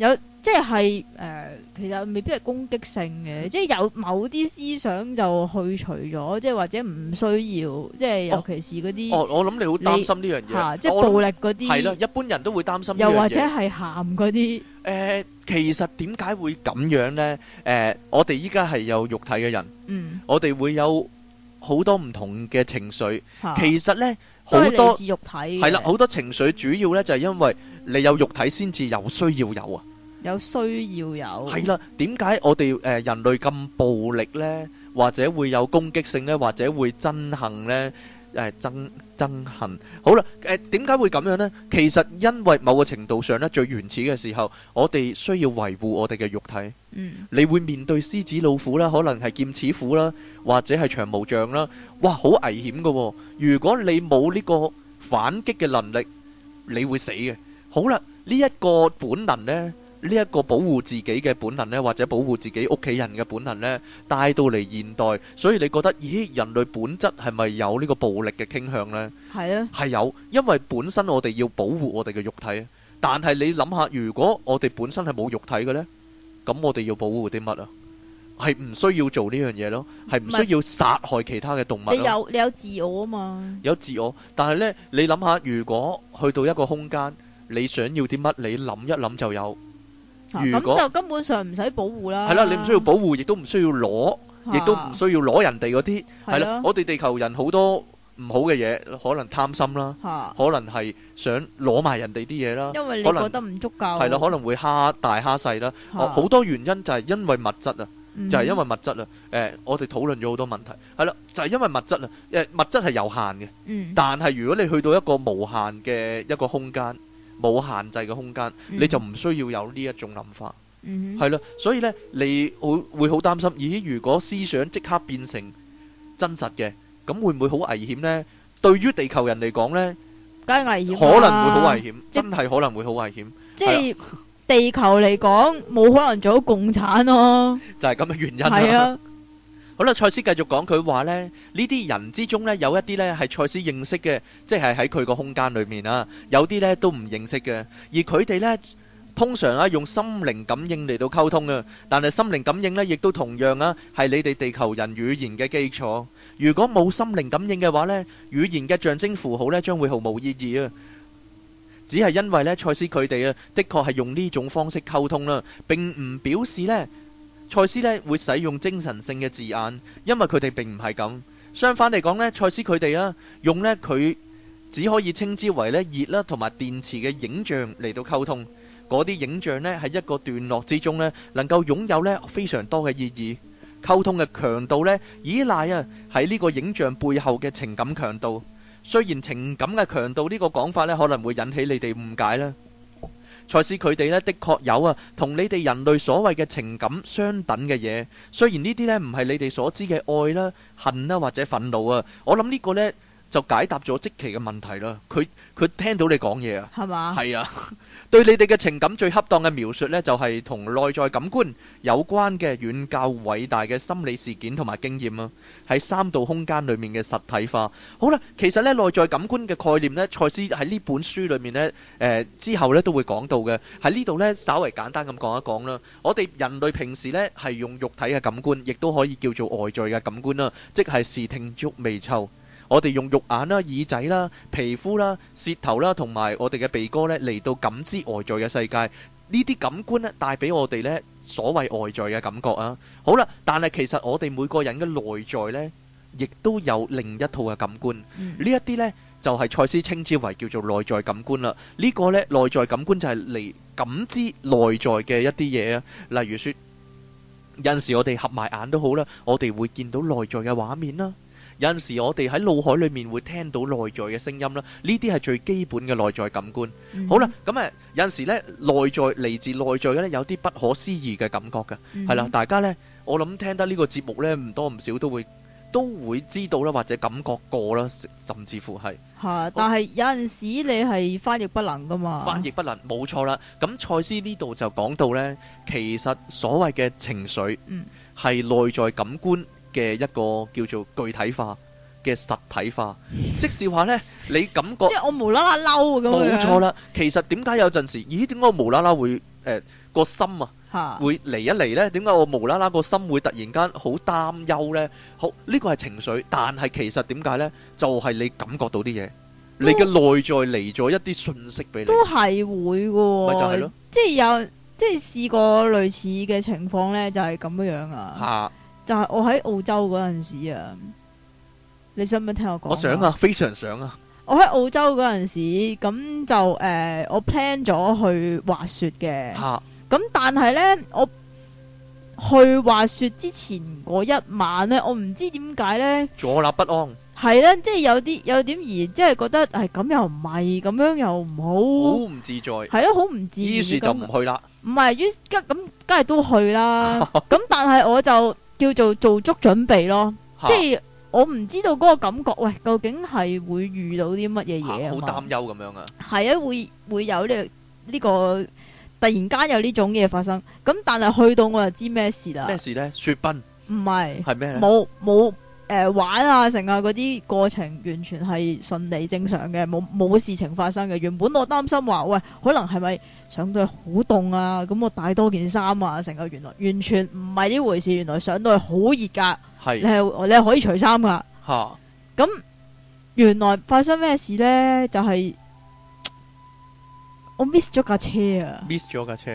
有即係誒、呃，其實未必係攻擊性嘅，即係有某啲思想就去除咗，即係或者唔需要，即係尤其是嗰啲。哦、啊，我諗你好擔心呢樣嘢。你啊、即係暴力嗰啲。係咯，一般人都會擔心。又或者係喊嗰啲。誒、呃，其實點解會咁樣咧？誒、呃，我哋依家係有肉體嘅人，嗯，我哋會有好多唔同嘅情緒。啊、其實咧好多自肉體係啦，好多情緒主要咧就係因為你有肉體先至有需要有啊。有需要有係啦。點解我哋誒，人類咁暴力咧？或者會有攻擊性咧？或者會憎恨咧？誒，憎憎恨。好啦，誒，點解會咁樣咧？其實因為某個程度上咧，最原始嘅時候，我哋需要維護我哋嘅肉體。嗯，你會面對獅子、老虎啦，可能係劍齒虎啦，或者係長毛象啦。哇，好危險㗎喎！如果你冇呢個反擊嘅能力，你會死嘅。好啦，呢一個本能咧。呢一個保護自己嘅本能呢，或者保護自己屋企人嘅本能呢，帶到嚟現代，所以你覺得，咦，人類本質係咪有呢個暴力嘅傾向呢？係啊，係有，因為本身我哋要保護我哋嘅肉體。但係你諗下，如果我哋本身係冇肉體嘅呢，咁我哋要保護啲乜啊？係唔需要做呢樣嘢咯，係唔需要殺害其他嘅動物。你有你有自我啊嘛，有自我。但係呢，你諗下，如果去到一個空間，你想要啲乜，你諗一諗就有。咁就根本上唔使保護啦。係啦，你唔需要保護，亦都唔需要攞，亦都唔需要攞人哋嗰啲。係啦，我哋地球人好多唔好嘅嘢，可能貪心啦，可能係想攞埋人哋啲嘢啦。因為你可能覺得唔足夠。係啦，可能會蝦大蝦細啦。好多原因就係因為物質啊，就係因為物質啊。誒，我哋討論咗好多問題，係啦，就係因為物質啊。誒，物質係有限嘅，但係如果你去到一個無限嘅一個空間。冇限制嘅空間，你就唔需要有呢一種諗法，係啦。所以呢，你好會好擔心。咦？如果思想即刻變成真實嘅，咁會唔會好危險呢？對於地球人嚟講呢，梗係危險，可能會好危險，真係可能會好危險。即係地球嚟講，冇可能做到共產咯。就係咁嘅原因。係啊。好啦，蔡斯繼續講，佢話咧，呢啲人之中咧，有一啲咧係蔡斯認識嘅，即係喺佢個空間裏面啊，有啲咧都唔認識嘅，而佢哋咧通常啊用心靈感應嚟到溝通啊，但係心靈感應咧亦都同樣啊係你哋地球人語言嘅基礎。如果冇心靈感應嘅話咧，語言嘅象徵符號咧將會毫無意義啊！只係因為咧，蔡斯佢哋啊的確係用呢種方式溝通啦，並唔表示咧。賽斯咧會使用精神性嘅字眼，因為佢哋並唔係咁。相反嚟講咧，賽斯佢哋啊，用咧佢只可以稱之為咧熱啦同埋電池嘅影像嚟到溝通。嗰啲影像咧喺一個段落之中咧，能夠擁有咧非常多嘅意義。溝通嘅強度咧，依賴啊喺呢個影像背後嘅情感強度。雖然情感嘅強度呢個講法咧可能會引起你哋誤解啦。才是佢哋呢，的確有啊，同你哋人類所謂嘅情感相等嘅嘢。雖然呢啲呢，唔係你哋所知嘅愛啦、啊、恨啦、啊、或者憤怒啊，我諗呢個呢。就解答咗即其嘅問題啦。佢佢聽到你講嘢啊，係嘛？係啊。對你哋嘅情感最恰當嘅描述咧，就係同內在感官有關嘅遠較偉大嘅心理事件同埋經驗啊。喺三度空間裏面嘅實體化。好啦，其實咧，內在感官嘅概念咧，賽斯喺呢本書裏面咧，誒之後咧都會講到嘅。喺呢度咧，稍微簡單咁講一講啦。我哋人類平時咧係用肉體嘅感官，亦都可以叫做外在嘅感官啦，即係視聽觸味嗅。我哋用肉眼啦、耳仔啦、皮膚啦、舌頭啦，同埋我哋嘅鼻哥呢，嚟到感知外在嘅世界。呢啲感官呢，帶俾我哋呢，所謂外在嘅感覺啊。好啦，但係其實我哋每個人嘅內在呢，亦都有另一套嘅感官。呢一啲呢，就係賽斯稱之為叫做內在感官啦。呢、這個呢，內在感官就係嚟感知內在嘅一啲嘢啊。例如說，有陣時我哋合埋眼都好啦，我哋會見到內在嘅畫面啦。有陣時我哋喺腦海裏面會聽到內在嘅聲音啦，呢啲係最基本嘅內在感官。嗯、哼好啦，咁誒有陣時咧，內在嚟自內在嘅呢，有啲不可思議嘅感覺嘅，係、嗯、哼啦。大家呢，我諗聽得呢個節目呢，唔多唔少都會都會知道啦，或者感覺過啦，甚至乎係。嚇！但係有陣時你係翻譯不能噶嘛？翻譯不能，冇錯啦。咁賽斯呢度就講到呢，其實所謂嘅情緒，嗯，係內在感官。嗯嘅一個叫做具體化嘅實體化，即是話呢，你感覺即係我無啦啦嬲咁樣，冇錯啦。其實點解有陣時，咦？點解我無啦啦會誒個心啊，會嚟一嚟呢？點解我無啦啦個心會突然間好擔憂呢？好，呢個係情緒，但係其實點解呢，就係你感覺到啲嘢，你嘅內在嚟咗一啲訊息俾你，都係會嘅，咪就係咯，即係有即係試過類似嘅情況呢，就係咁樣樣啊。但係我喺澳洲嗰陣時啊，你想唔想聽我講？我想啊，非常想啊！我喺澳洲嗰陣時，咁、嗯、就誒、呃，我 plan 咗去滑雪嘅。吓咁哈，但係咧，我去滑雪之前嗰一晚咧，我唔知點解咧坐立不安。係咧，即係有啲有點疑，即係覺得係咁又唔係，咁、哎、樣又唔好，好唔自在。係咯，好唔自在。於是就唔去啦。唔係，於咁梗係都去啦。咁 (laughs) (laughs) 但係我就。叫做做足準備咯，哈即係我唔知道嗰個感覺，喂，究竟係會遇到啲乜嘢嘢好擔憂咁樣啊？係啊，會會有呢呢個突然間有呢種嘢發生，咁但係去到我就知咩事啦。咩事咧？雪崩？唔係是，係咩咧？冇冇誒玩啊成啊嗰啲過程完全係順利正常嘅，冇冇事情發生嘅。原本我擔心話，喂，可能係咪？上到去好凍啊！咁我帶多件衫啊，成個原來完全唔係呢回事。原來上到去好熱噶，你係你係可以除衫噶。吓哈，咁原來發生咩事咧？就係、是、我 miss 咗架車啊！miss 咗架車，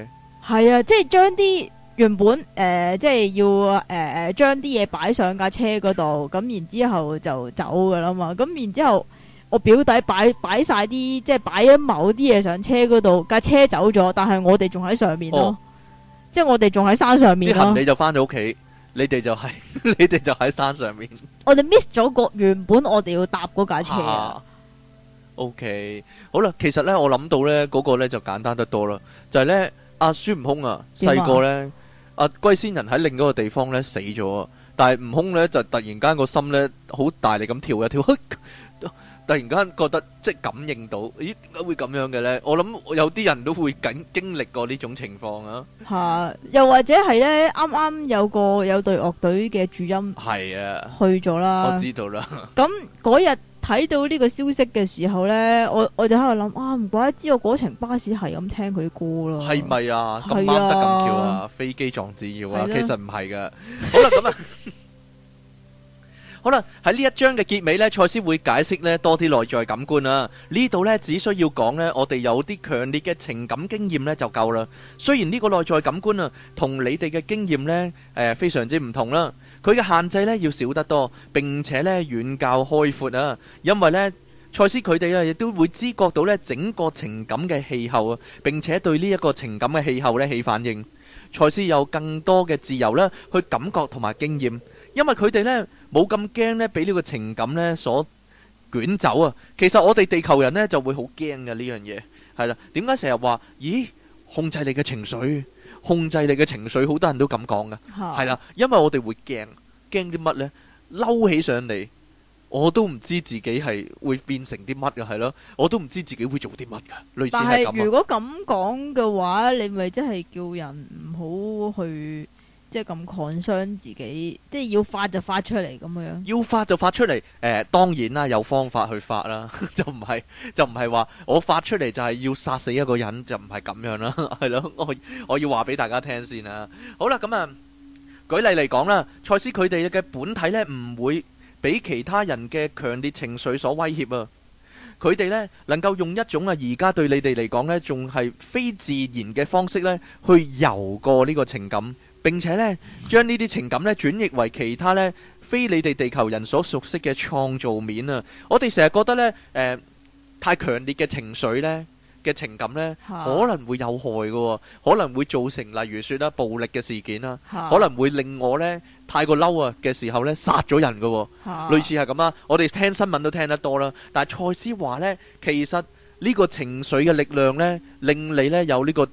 係啊，即係將啲原本誒、呃，即係要誒誒，將啲嘢擺上架車嗰度，咁然之後就走噶啦嘛，咁然之後。我表弟擺擺晒啲，即係擺咗某啲嘢上車嗰度，架車走咗，但係我哋仲喺上面咯，哦、即係我哋仲喺山上面咯。行，你就翻咗屋企，你哋就係你哋就喺山上面。我哋 miss 咗個原本我哋要搭嗰架車。啊、o、okay、K 好啦，其實呢，我諗到呢嗰、那個呢就簡單得多啦，就係、是、呢，阿、啊、孫悟空啊，細個、啊、呢，阿、啊、龜仙人喺另一個地方呢死咗，但係悟空呢，就突然間個心呢好大力咁跳一跳。 (laughs) 突然間覺得即係感應到，咦點解會咁樣嘅咧？我諗有啲人都會經經歷過呢種情況啊。係，又或者係咧，啱啱有個有隊樂隊嘅主音係啊，去咗啦。我知道啦。咁嗰日睇到呢個消息嘅時候咧，我我就喺度諗啊，唔怪得知，我嗰程巴士係咁聽佢啲歌啦。係咪啊？係啊，得咁巧啊？飛機撞紙鷂啊？其實唔係噶。好啦，咁啊。好啦，喺呢一章嘅結尾咧，賽斯會解釋咧多啲內在感官啦。呢度咧只需要講咧，我哋有啲強烈嘅情感經驗咧就夠啦。雖然呢個內在感官啊，同你哋嘅經驗咧，誒非常之唔同啦。佢嘅限制咧要少得多，並且咧遠較開闊啊。因為咧，賽斯佢哋啊亦都會知覺到咧整個情感嘅氣候啊，並且對呢一個情感嘅氣候咧起反應。賽斯有更多嘅自由啦，去感覺同埋經驗。因為佢哋呢冇咁驚咧，俾呢個情感呢所捲走啊。其實我哋地球人呢就會好驚嘅呢樣嘢，係啦。點解成日話？咦，控制你嘅情緒，控制你嘅情緒，好多人都咁講噶，係啦的。因為我哋會驚，驚啲乜呢？嬲起上嚟，我都唔知自己係會變成啲乜嘅，係咯，我都唔知自己會做啲乜嘅。類似係噉。但係如果咁講嘅話，你咪即係叫人唔好去。即係咁創傷自己，即係要發就發出嚟，咁樣。要發就發出嚟，誒，當然啦，有方法去發啦， (laughs) 就唔係就唔係話我發出嚟就係要殺死一個人，就唔係咁樣啦，係 (laughs) 咯。我我要話俾大家聽先啦。好啦，咁啊，舉例嚟講啦，賽斯佢哋嘅本體呢，唔會俾其他人嘅強烈情緒所威脅啊。佢哋呢，能夠用一種啊，而家對你哋嚟講呢，仲係非自然嘅方式呢，去游過呢個情感。並且咧，將呢啲情感咧，轉譯為其他咧非你哋地球人所熟悉嘅創造面啊！我哋成日覺得咧，誒、呃、太強烈嘅情緒咧嘅情感咧，的可能會有害嘅、哦，可能會造成例如説啦暴力嘅事件啦、啊，的可能會令我咧太過嬲啊嘅時候咧殺咗人嘅、哦，的類似係咁啦。我哋聽新聞都聽得多啦，但係賽斯話呢，其實呢個情緒嘅力量咧，令你咧有呢個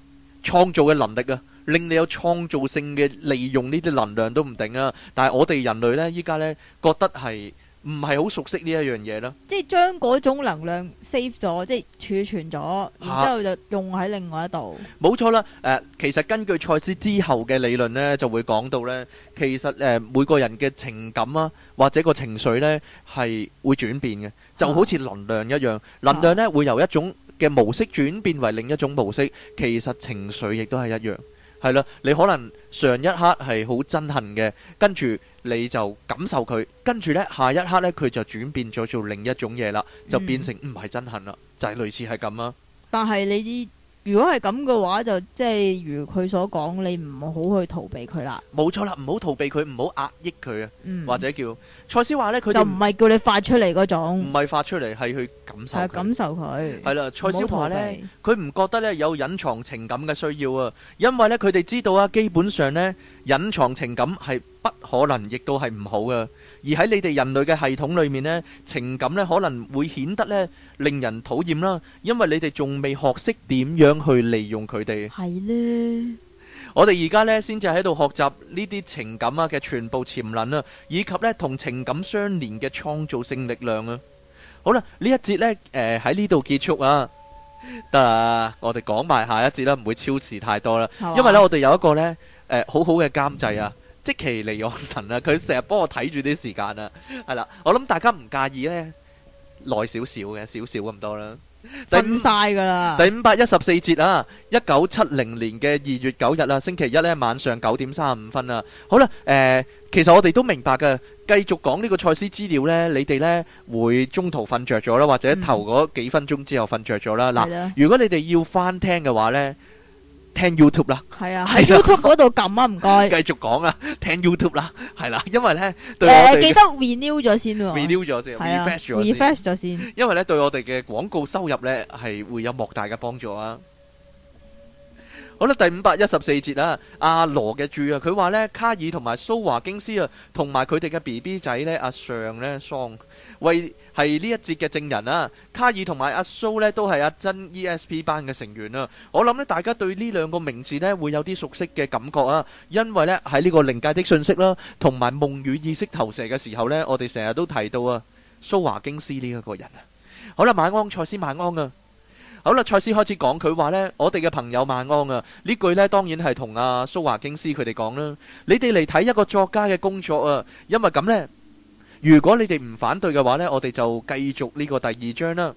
創造嘅能力啊。令你有創造性嘅利用呢啲能量都唔定啊！但係我哋人類呢，依家呢，覺得係唔係好熟悉呢一樣嘢咧？即係將嗰種能量 save 咗，即係儲存咗，然之後就用喺另外一度。冇、啊、錯啦。誒、呃，其實根據賽斯之後嘅理論呢，就會講到呢。其實誒、呃、每個人嘅情感啊，或者個情緒呢，係會轉變嘅，就好似能量一樣，啊、能量呢，會由一種嘅模式轉變為另一種模式。其實情緒亦都係一樣。係啦，你可能上一刻係好憎恨嘅，跟住你就感受佢，跟住呢，下一刻呢，佢就轉變咗做另一種嘢啦，就變成唔係憎恨啦，嗯，就係類似係咁啦。但係你啲。如果係咁嘅話，就即係如佢所講，你唔好去逃避佢啦。冇錯啦，唔好逃避佢，唔好壓抑佢啊，嗯、或者叫賽斯話呢，佢就唔係叫你發出嚟嗰種，唔係發出嚟，係去感受。係感受佢。係啦，賽斯話呢，佢唔覺得呢有隱藏情感嘅需要啊，因為呢，佢哋知道啊，基本上呢，隱藏情感係不可能，亦都係唔好噶。而喺你哋人類嘅系統裏面咧，情感咧可能會顯得咧令人討厭啦，因為你哋仲未學識點樣去利用佢哋。係咧，我哋而家咧先至喺度學習呢啲情感啊嘅全部潛能啦，以及咧同情感相連嘅創造性力量啦。好啦，呢一節咧，誒喺呢度結束啊，得，我哋講埋下一節啦，唔會超時太多啦，因為咧我哋有一個咧，誒好好嘅監製啊。即其利用神啊！佢成日幫我睇住啲時間啊，係啦，我諗大家唔介意咧，耐少少嘅，少少咁多啦。第五，瞓晒噶啦。第五百一十四節啊，一九七零年嘅二月九日啊，星期一咧，晚上九點三十五分啊。好啦，誒，其實我哋都明白嘅，繼續講呢個賽斯資料咧，你哋咧會中途瞓著咗啦，或者頭嗰幾分鐘之後瞓著咗啦。嗱，如果你哋要翻聽嘅話咧。聽 YouTube 啦，係啊，喺 YouTube 嗰度撳啊，唔該。繼 (laughs) 續講啊，聽 YouTube 啦，係啦、啊，因為咧，誒、呃，記得 re renew 咗先喎，renew 咗先，refresh 咗，refresh 咗先。因為咧，對我哋嘅廣告收入咧，係會有莫大嘅幫助啊。好啦，第五百一十四節啦，阿羅嘅注啊，佢話咧，卡爾同埋蘇華京斯啊，同埋佢哋嘅 B B 仔咧，阿尚咧，桑為係呢一節嘅證人啦。卡爾同埋阿蘇咧，都係阿珍 E S P 班嘅成員啦。我諗咧，大家對呢兩個名字咧，會有啲熟悉嘅感覺啊，因為咧喺呢個靈界的信息啦，同埋夢與意識投射嘅時候咧，我哋成日都提到啊，蘇華京斯呢一個人啊。好啦，晚安賽斯，晚安啊。好啦，賽斯開始講，佢話呢，我哋嘅朋友萬安啊！呢句呢，當然係同阿蘇華京斯佢哋講啦。你哋嚟睇一個作家嘅工作啊，因為咁呢，如果你哋唔反對嘅話呢，我哋就繼續呢個第二章啦。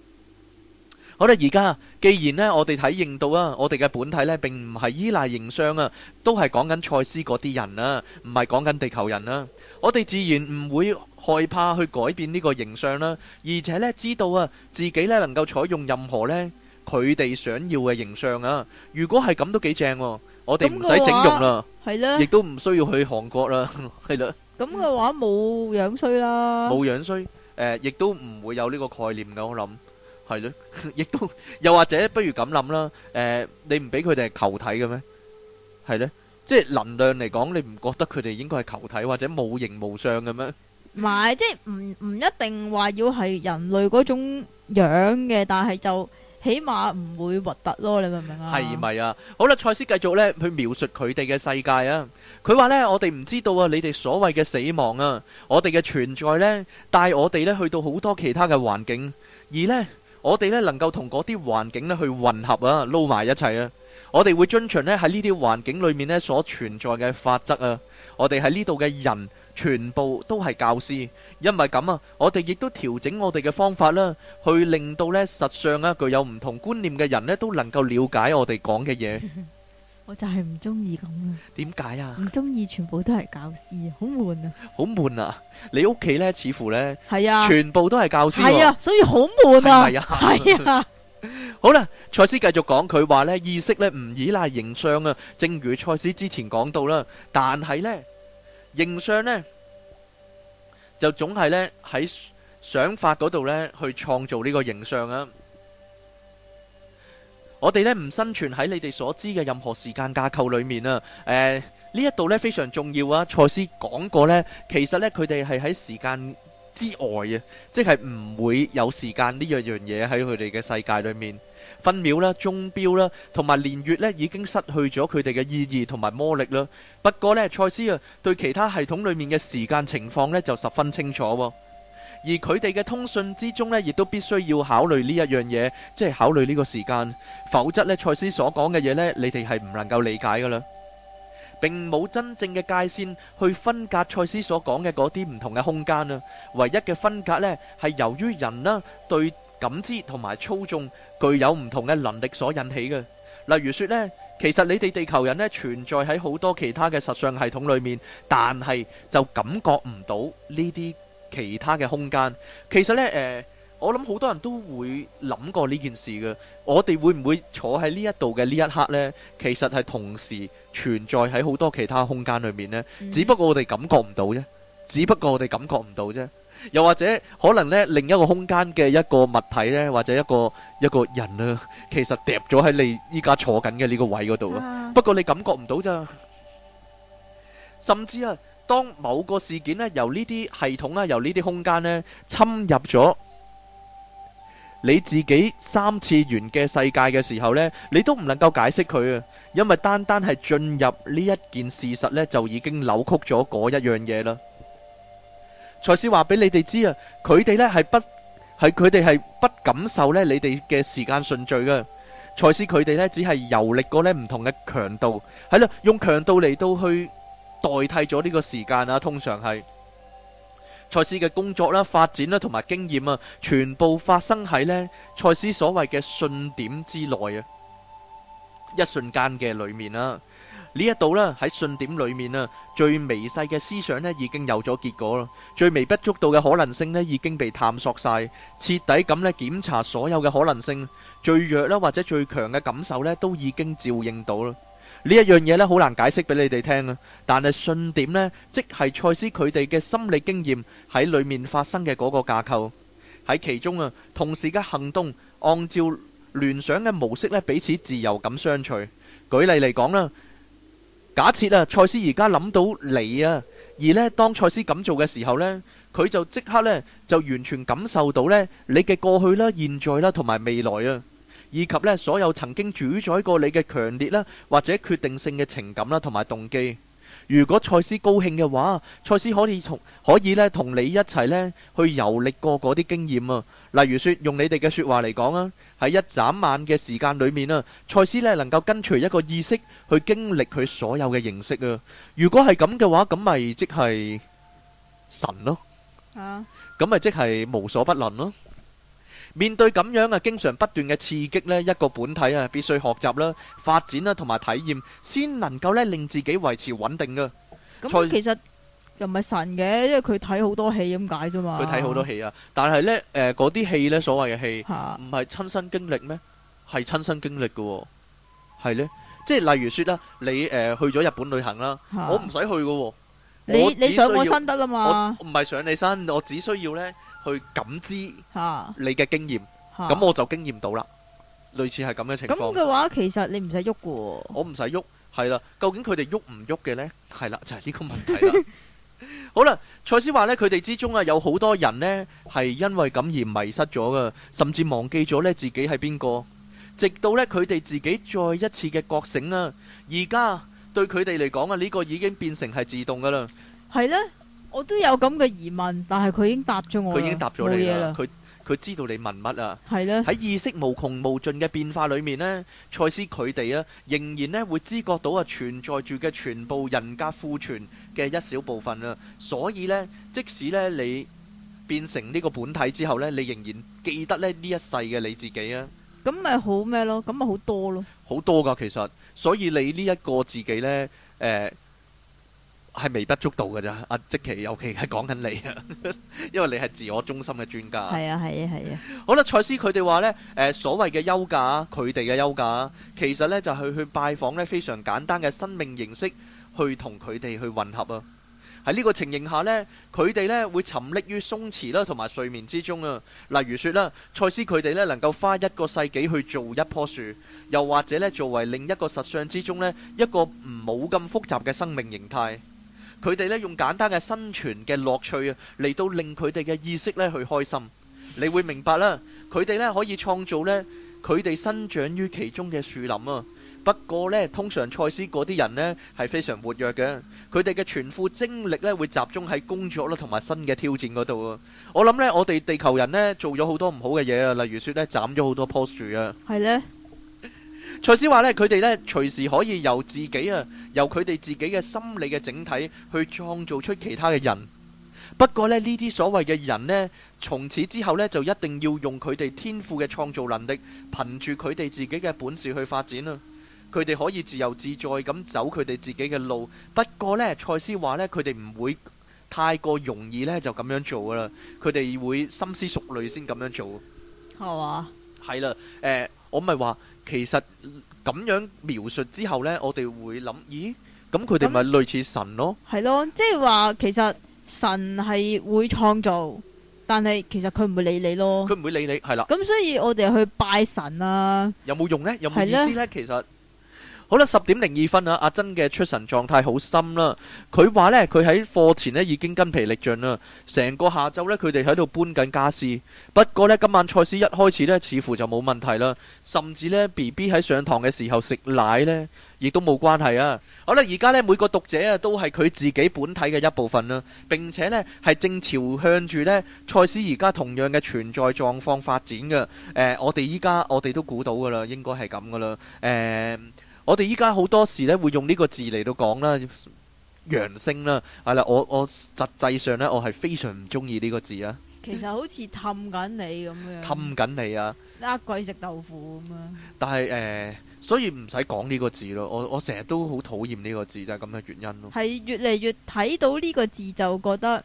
好啦，而家既然呢，我哋睇認到啊，我哋嘅本體呢並唔係依賴形相啊，都係講緊賽斯嗰啲人啊，唔係講緊地球人啊。我哋自然唔會害怕去改變呢個形象啦，而且呢，知道啊，自己呢能夠採用任何呢。佢哋想要嘅形象啊！如果係咁都幾正，我哋唔使整容啦，係啦，亦都唔需要去韓國啦，係啦。咁嘅話冇樣衰啦，冇樣衰誒，亦都唔會有呢個概念嘅。我諗係咯，亦都又或者不如咁諗啦。誒，你唔俾佢哋係球體嘅咩？係咧，即係能量嚟講，你唔覺得佢哋應該係球體或者無形無相嘅咩？唔係，即係唔唔一定話要係人類嗰種樣嘅，但係就。起碼唔會核突咯，你明唔明啊？係咪啊？好啦，賽斯繼續咧去描述佢哋嘅世界啊。佢話咧，我哋唔知道啊，你哋所謂嘅死亡啊，我哋嘅存在呢，帶我哋呢去到好多其他嘅環境，而呢，我哋呢能夠同嗰啲環境咧去混合啊，撈埋一齊啊，我哋會遵循呢喺呢啲環境裏面呢所存在嘅法則啊。我哋喺呢度嘅人全部都係教師。因為咁啊，我哋亦都調整我哋嘅方法啦，去令到呢實上啊，具有唔同觀念嘅人呢都能夠了解我哋講嘅嘢。我就係唔中意咁啊。點解啊？唔中意全部都係教師啊，好悶啊，好悶啊！你屋企呢，似乎呢係啊，全部都係教師，係啊，所以好悶啊，係啊，係啊。好啦，賽斯繼續講，佢話呢意識呢唔依賴形象啊，正如賽斯之前講到啦，但係呢形象呢。就總係咧喺想法嗰度咧去創造呢個形象啊！我哋咧唔生存喺你哋所知嘅任何時間架構裏面啊！誒、呃，呢一度咧非常重要啊！賽斯講過咧，其實咧佢哋係喺時間之外嘅，即係唔會有時間呢樣樣嘢喺佢哋嘅世界裏面。分秒啦、鐘錶啦，同埋年月咧，已經失去咗佢哋嘅意義同埋魔力啦。不過咧，賽斯啊，對其他系統裏面嘅時間情況咧就十分清楚。而佢哋嘅通訊之中咧，亦都必須要考慮呢一樣嘢，即係考慮呢個時間，否則咧，賽斯所講嘅嘢咧，你哋係唔能夠理解噶啦，並冇真正嘅界線去分隔賽斯所講嘅嗰啲唔同嘅空間啦。唯一嘅分隔咧，係由於人啦對，感知同埋操縱具有唔同嘅能力所引起嘅。例如說呢，其實你哋地球人呢，存在喺好多其他嘅實相系統裏面，但係就感覺唔到呢啲其他嘅空間。其實呢，誒，我諗好多人都會諗過呢件事嘅，我哋會唔會坐喺呢一度嘅呢一刻呢？其實係同時存在喺好多其他空間裏面呢，只不過我哋感覺唔到啫，只不過我哋感覺唔到啫。又或者可能呢，另一個空間嘅一個物體呢，或者一個一個人啦、啊，其實疊咗喺你依家坐緊嘅呢個位嗰度啊。嗯、不過你感覺唔到咋。甚至啊，當某個事件呢，由呢啲系統啦、啊，由呢啲空間呢侵入咗你自己三次元嘅世界嘅時候呢，你都唔能夠解釋佢啊，因為單單係進入呢一件事實呢，就已經扭曲咗嗰一樣嘢啦。賽斯話俾你哋知啊，佢哋咧係不係佢哋係不感受咧你哋嘅時間順序噶，賽斯佢哋咧只係遊歷過呢唔同嘅強度，係啦，用強度嚟到去代替咗呢個時間啊，通常係賽斯嘅工作啦、發展啦同埋經驗啊，全部發生喺呢賽斯所謂嘅信點之內啊，一瞬間嘅裏面啦。呢一度呢，喺信點裏面啊，最微細嘅思想呢已經有咗結果啦，最微不足道嘅可能性呢，已經被探索晒，徹底咁呢檢查所有嘅可能性，最弱啦或者最強嘅感受呢，都已經照應到啦。呢一樣嘢呢，好難解釋俾你哋聽啊，但係信點呢，即係賽斯佢哋嘅心理經驗喺裏面發生嘅嗰個架構喺其中啊，同時嘅行動按照聯想嘅模式呢，彼此自由咁相隨。舉例嚟講啦。假設啊，賽斯而家諗到你啊，而呢當賽斯咁做嘅時候呢，佢就即刻呢，就完全感受到呢，你嘅過去啦、啊、現在啦同埋未來啊，以及呢所有曾經主宰過你嘅強烈啦、啊、或者決定性嘅情感啦同埋動機。如果賽斯高興嘅話，賽斯可以同可以咧同你一齊咧去遊歷過嗰啲經驗啊。例如說，用你哋嘅説話嚟講啊，喺一眨眼嘅時間裏面啊，賽斯咧能夠跟隨一個意識去經歷佢所有嘅認識啊。如果係咁嘅話，咁咪即係神咯。啊，咁咪即係無所不能咯、啊。面對咁樣啊，經常不斷嘅刺激咧，一個本體啊，必須學習啦、發展啦，同埋體驗，先能夠咧令自己維持穩定噶咁其實又唔係神嘅，因為佢睇好多戲咁解啫嘛。佢睇好多戲啊，但係咧，誒，嗰啲戲咧，所謂嘅戲，唔係親身經歷咩？係親身經歷噶，係咧，即係例如說啦，你誒去咗日本旅行啦，我唔使去噶，你你上我身得啦嘛。我唔係上你身，我只需要咧。去感知吓你嘅經驗，咁我就經驗到啦。類似係咁嘅情況。咁嘅話，其實你唔使喐嘅喎。我唔使喐，係啦。究竟佢哋喐唔喐嘅呢？係啦，就係呢個問題啦。好啦，賽斯話呢，佢哋之中啊，有好多人呢係因為咁而迷失咗㗎，甚至忘記咗呢自己係邊個，直到呢佢哋自己再一次嘅覺醒啊！而家對佢哋嚟講啊，呢個已經變成係自動㗎啦。係呢。我都有咁嘅疑問，但係佢已經答咗我。佢已經答咗你啦，佢佢知道你問乜啊？係啦呢。喺意識無窮無盡嘅變化裏面呢，賽斯佢哋啊，仍然咧會知覺到啊存在住嘅全部人格庫存嘅一小部分啊。所以呢，即使呢，你變成呢個本體之後呢，你仍然記得咧呢一世嘅你自己啊。咁咪好咩？咯？咁咪好多咯。好多噶，其實，所以你呢一個自己呢。誒、呃。係微不足道嘅啫。阿即其尤其係講緊你啊，因為你係自我中心嘅專家。係啊，係啊，係啊。好啦，蔡斯佢哋話咧，誒，所謂嘅休假，佢哋嘅休假，其實咧就係去拜訪咧非常簡單嘅生命形式，去同佢哋去混合啊。喺呢個情形下咧，佢哋咧會沉溺於鬆弛啦，同埋睡眠之中啊。例如說啦，蔡斯佢哋咧能夠花一個世紀去做一棵樹，又或者咧作為另一個實相之中咧一個冇咁複雜嘅生命形態。佢哋咧，用簡單嘅生存嘅樂趣啊，嚟到令佢哋嘅意識咧去開心。你會明白啦，佢哋咧可以創造咧佢哋生長於其中嘅樹林啊。不過咧，通常賽斯嗰啲人咧係非常活躍嘅，佢哋嘅全副精力咧會集中喺工作咯、同埋新嘅挑戰嗰度啊。我諗咧，我哋地球人咧做咗好多唔好嘅嘢啊，例如說咧斬咗好多棵樹啊，係咧。賽斯話咧，佢哋咧隨時可以由自己啊，由佢哋自己嘅心理嘅整體去創造出其他嘅人。不過呢，呢啲所謂嘅人呢，從此之後呢，就一定要用佢哋天賦嘅創造能力，憑住佢哋自己嘅本事去發展啦。佢哋可以自由自在咁走佢哋自己嘅路。不過呢，賽斯話呢，佢哋唔會太過容易呢，就咁樣做噶啦。佢哋會深思熟慮先咁樣做。係嘛？啊？係啦，誒、呃，我咪話。其實咁樣描述之後呢，我哋會諗，咦？咁佢哋咪類似神咯？係咯，即係話其實神係會創造，但係其實佢唔會理你咯。佢唔會理你，係啦。咁所以我哋去拜神啊，有冇用呢？有冇意思呢？呢其實。好啦，十點零二分啊！阿珍嘅出神狀態好深啦。佢話呢，佢喺課前呢已經筋疲力盡啦。成個下晝呢，佢哋喺度搬緊家事。不過呢，今晚賽斯一開始呢，似乎就冇問題啦。甚至呢，BB 喺上堂嘅時候食奶呢，亦都冇關係啊。好啦，而家呢，每個讀者啊，都係佢自己本體嘅一部分啦。並且呢，係正朝向住呢賽斯而家同樣嘅存在狀況發展嘅。誒、呃，我哋依家我哋都估到噶啦，應該係咁噶啦。誒、呃。我哋依家好多時咧會用呢個字嚟到講啦，揚聲啦，係啦，我我實際上咧我係非常唔中意呢個字啊。其實好似氹緊你咁樣。氹緊你啊！呃、啊、鬼食豆腐咁啊！但係誒、呃，所以唔使講呢個字咯。我我成日都好討厭呢個字，就係咁嘅原因咯。係越嚟越睇到呢個字就覺得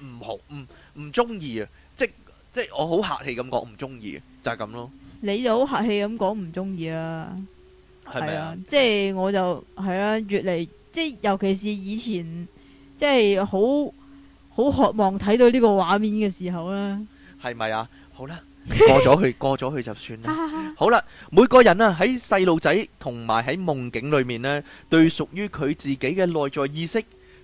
唔好，唔唔中意啊！即即我好客氣咁講唔中意，就係、是、咁咯。你就好客氣咁講唔中意啦。係啊，啊，即係我就係啦、啊，越嚟即係，尤其是以前，即係好好渴望睇到呢個畫面嘅時候啦。係咪啊？好啦，過咗去， (laughs) 過咗去就算啦。 (laughs) 好啦，每個人啊喺細路仔同埋喺夢境裏面呢，對屬於佢自己嘅內在意識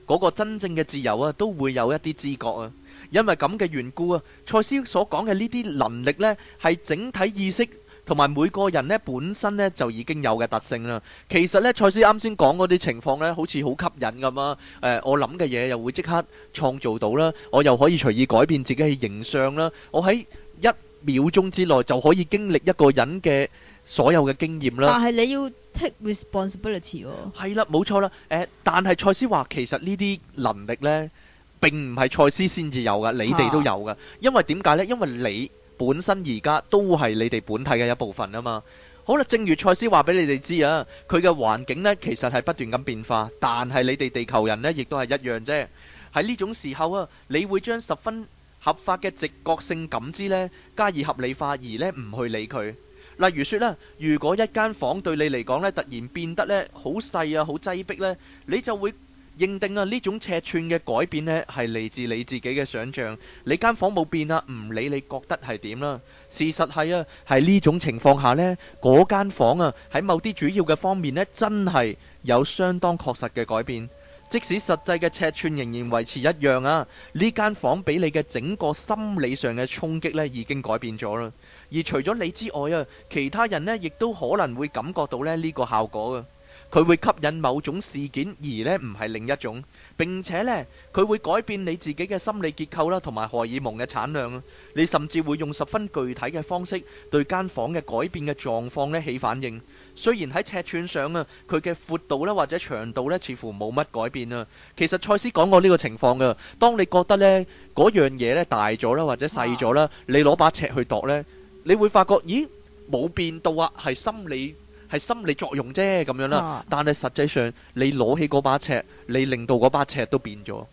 嗰、嗰個真正嘅自由啊，都會有一啲知覺啊。因為咁嘅緣故啊，塞斯所講嘅呢啲能力呢，係整體意識。同埋每個人咧本身咧就已經有嘅特性啦。其實咧，賽斯啱先講嗰啲情況咧，好似好吸引咁啊！誒、呃，我諗嘅嘢又會即刻創造到啦，我又可以隨意改變自己嘅形象啦，我喺一秒鐘之內就可以經歷一個人嘅所有嘅經驗啦。但係你要 take responsibility 喎、哦。係啦，冇錯啦。誒、呃，但係賽斯話其實呢啲能力呢，並唔係賽斯先至有噶，你哋都有噶。啊、因為點解呢？因為你。本身而家都係你哋本體嘅一部分啊嘛。好啦，正如賽斯話俾你哋知啊，佢嘅環境呢，其實係不斷咁變化，但係你哋地球人呢亦都係一樣啫。喺呢種時候啊，你會將十分合法嘅直覺性感知呢加以合理化，而呢唔去理佢。例如說呢，如果一間房對你嚟講呢，突然變得呢好細啊，好擠迫呢，你就會。認定啊，呢種尺寸嘅改變呢係嚟自你自己嘅想象。你間房冇變啊，唔理你覺得係點啦。事實係啊，喺呢種情況下呢，嗰間房啊，喺某啲主要嘅方面呢，真係有相當確實嘅改變。即使實際嘅尺寸仍然維持一樣啊，呢間房俾你嘅整個心理上嘅衝擊呢已經改變咗啦。而除咗你之外啊，其他人呢亦都可能會感覺到咧呢、呢個效果啊。佢會吸引某種事件，而呢唔係另一種。並且呢，佢會改變你自己嘅心理結構啦，同埋荷爾蒙嘅產量。你甚至會用十分具體嘅方式對間房嘅改變嘅狀況呢起反應。雖然喺尺寸上啊，佢嘅闊度呢或者長度呢似乎冇乜改變啊。其實賽斯講過呢個情況㗎。當你覺得呢嗰樣嘢呢大咗啦，或者細咗啦，你攞把尺去度呢，你會發覺咦冇變到啊，係心理。係心理作用啫，咁樣啦。啊、但係實際上，你攞起嗰把尺，你令到嗰把尺都變咗。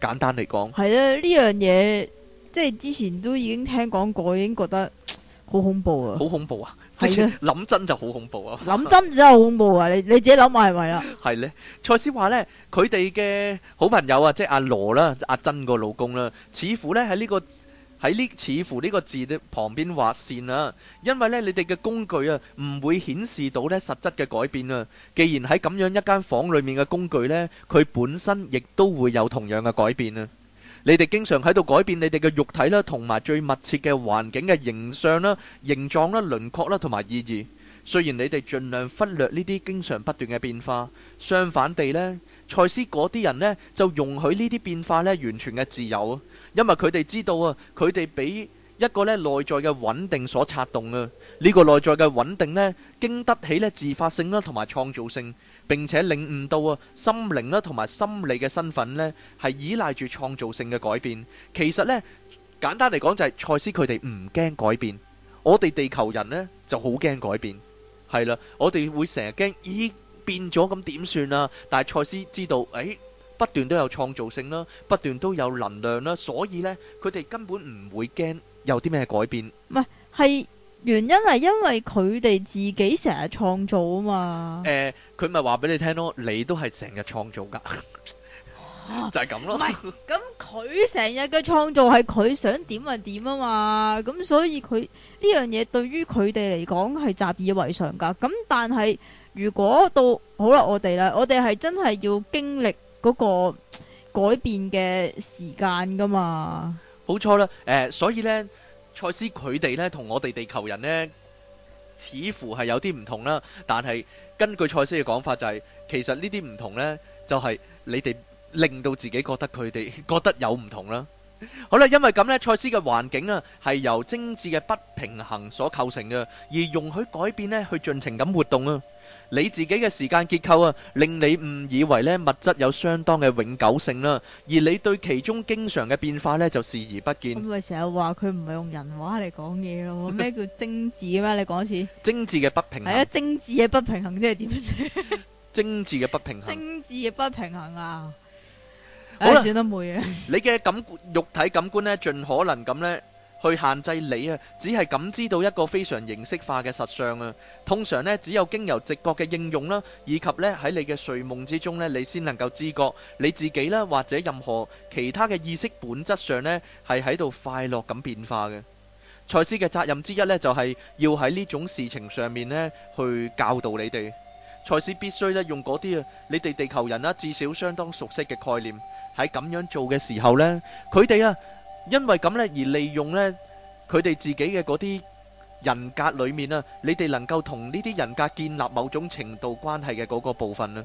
簡單嚟講，係啊，呢樣嘢，即係之前都已經聽講過，已經覺得好恐怖啊！好恐怖啊！係諗真就好恐怖啊！諗真就好恐怖啊！你你自己諗下係咪啊？係咧，蔡思話咧，佢哋嘅好朋友啊，即係阿羅啦，阿珍個老公啦，似乎咧喺呢個。喺呢似乎呢個字嘅旁邊劃線啦、啊，因為呢，你哋嘅工具啊唔會顯示到呢實質嘅改變啊。既然喺咁樣一間房裏面嘅工具呢，佢本身亦都會有同樣嘅改變啊。你哋經常喺度改變你哋嘅肉體啦、啊，同埋最密切嘅環境嘅形象啦、啊、形狀啦、啊、輪廓啦同埋意義。雖然你哋盡量忽略呢啲經常不斷嘅變化，相反地呢，賽斯嗰啲人呢，就容許呢啲變化呢完全嘅自由。因為佢哋知道啊，佢哋俾一個咧內在嘅穩定所策動啊，呢個內在嘅穩定咧，經得起咧自發性啦，同埋創造性，並且領悟到啊心靈啦，同埋心理嘅身份咧，係依賴住創造性嘅改變。其實咧，簡單嚟講就係賽斯佢哋唔驚改變，我哋地球人咧就好驚改變，係啦，我哋會成日驚，咦變咗咁點算啊？但係賽斯知道，誒，不斷都有創造性啦，不斷都有能量啦，所以呢，佢哋根本唔會驚有啲咩改變。唔係，係原因係因為佢哋自己成日創造啊嘛。誒，佢咪話俾你聽咯，你都係成日創造噶， (laughs) 就係咁咯，啊。咁，佢成日嘅創造係佢想點就點啊嘛。咁所以佢呢樣嘢對於佢哋嚟講係習以為常噶。咁但係如果到好啦，我哋啦，我哋係真係要經歷。嗰個改變嘅時間噶嘛，冇錯啦。誒，所以咧，賽斯佢哋咧同我哋地球人咧，似乎係有啲唔同啦。但係根據賽斯嘅講法，就係其實呢啲唔同咧，就係你哋令到自己覺得佢哋覺得有唔同啦。好啦，因為咁咧，賽斯嘅環境啊，係由精致嘅不平衡所構成嘅，而容許改變咧去盡情咁活動啊。你自己嘅時間結構啊，令你誤以為咧物質有相當嘅永久性啦，而你對其中經常嘅變化咧就視而不見。咁咪成日話佢唔係用人話嚟講嘢咯？咩叫精緻嘅咩？你講一次。精緻嘅不平衡。係啊，精緻嘅不平衡即係點先？精緻嘅不平衡。精緻嘅不平衡啊！唉，算得冇嘢。你嘅感肉體感官咧，盡可能咁咧，去限制你啊，只係感知到一個非常形式化嘅實相啊。通常呢，只有經由直覺嘅應用啦，以及呢喺你嘅睡夢之中呢，你先能夠知覺你自己啦，或者任何其他嘅意識本質上呢，係喺度快樂咁變化嘅。賽斯嘅責任之一呢，就係要喺呢種事情上面呢去教導你哋。賽斯必須呢，用嗰啲啊，你哋地球人啦至少相當熟悉嘅概念，喺咁樣做嘅時候呢，佢哋啊。因為咁呢，而利用呢，佢哋自己嘅嗰啲人格裏面啊，你哋能夠同呢啲人格建立某種程度關係嘅嗰個部分啦、啊。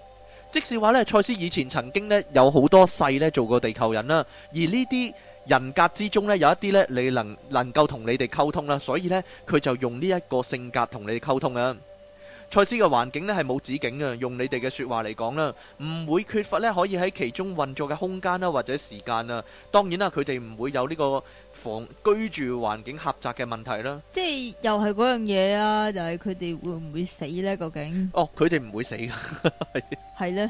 即使話呢，賽斯以前曾經呢，有好多世呢做過地球人啦、啊，而呢啲人格之中呢，有一啲呢，你能能夠同你哋溝通啦、啊，所以呢，佢就用呢一個性格同你哋溝通啊。賽斯嘅環境咧係冇止境嘅，用你哋嘅説話嚟講啦，唔會缺乏咧可以喺其中運作嘅空間啦，或者時間啊。當然啦，佢哋唔會有呢個房居住環境狹窄嘅問題啦。即係又係嗰樣嘢啊！就係佢哋會唔會死咧？究竟？哦，佢哋唔會死嘅，係咧，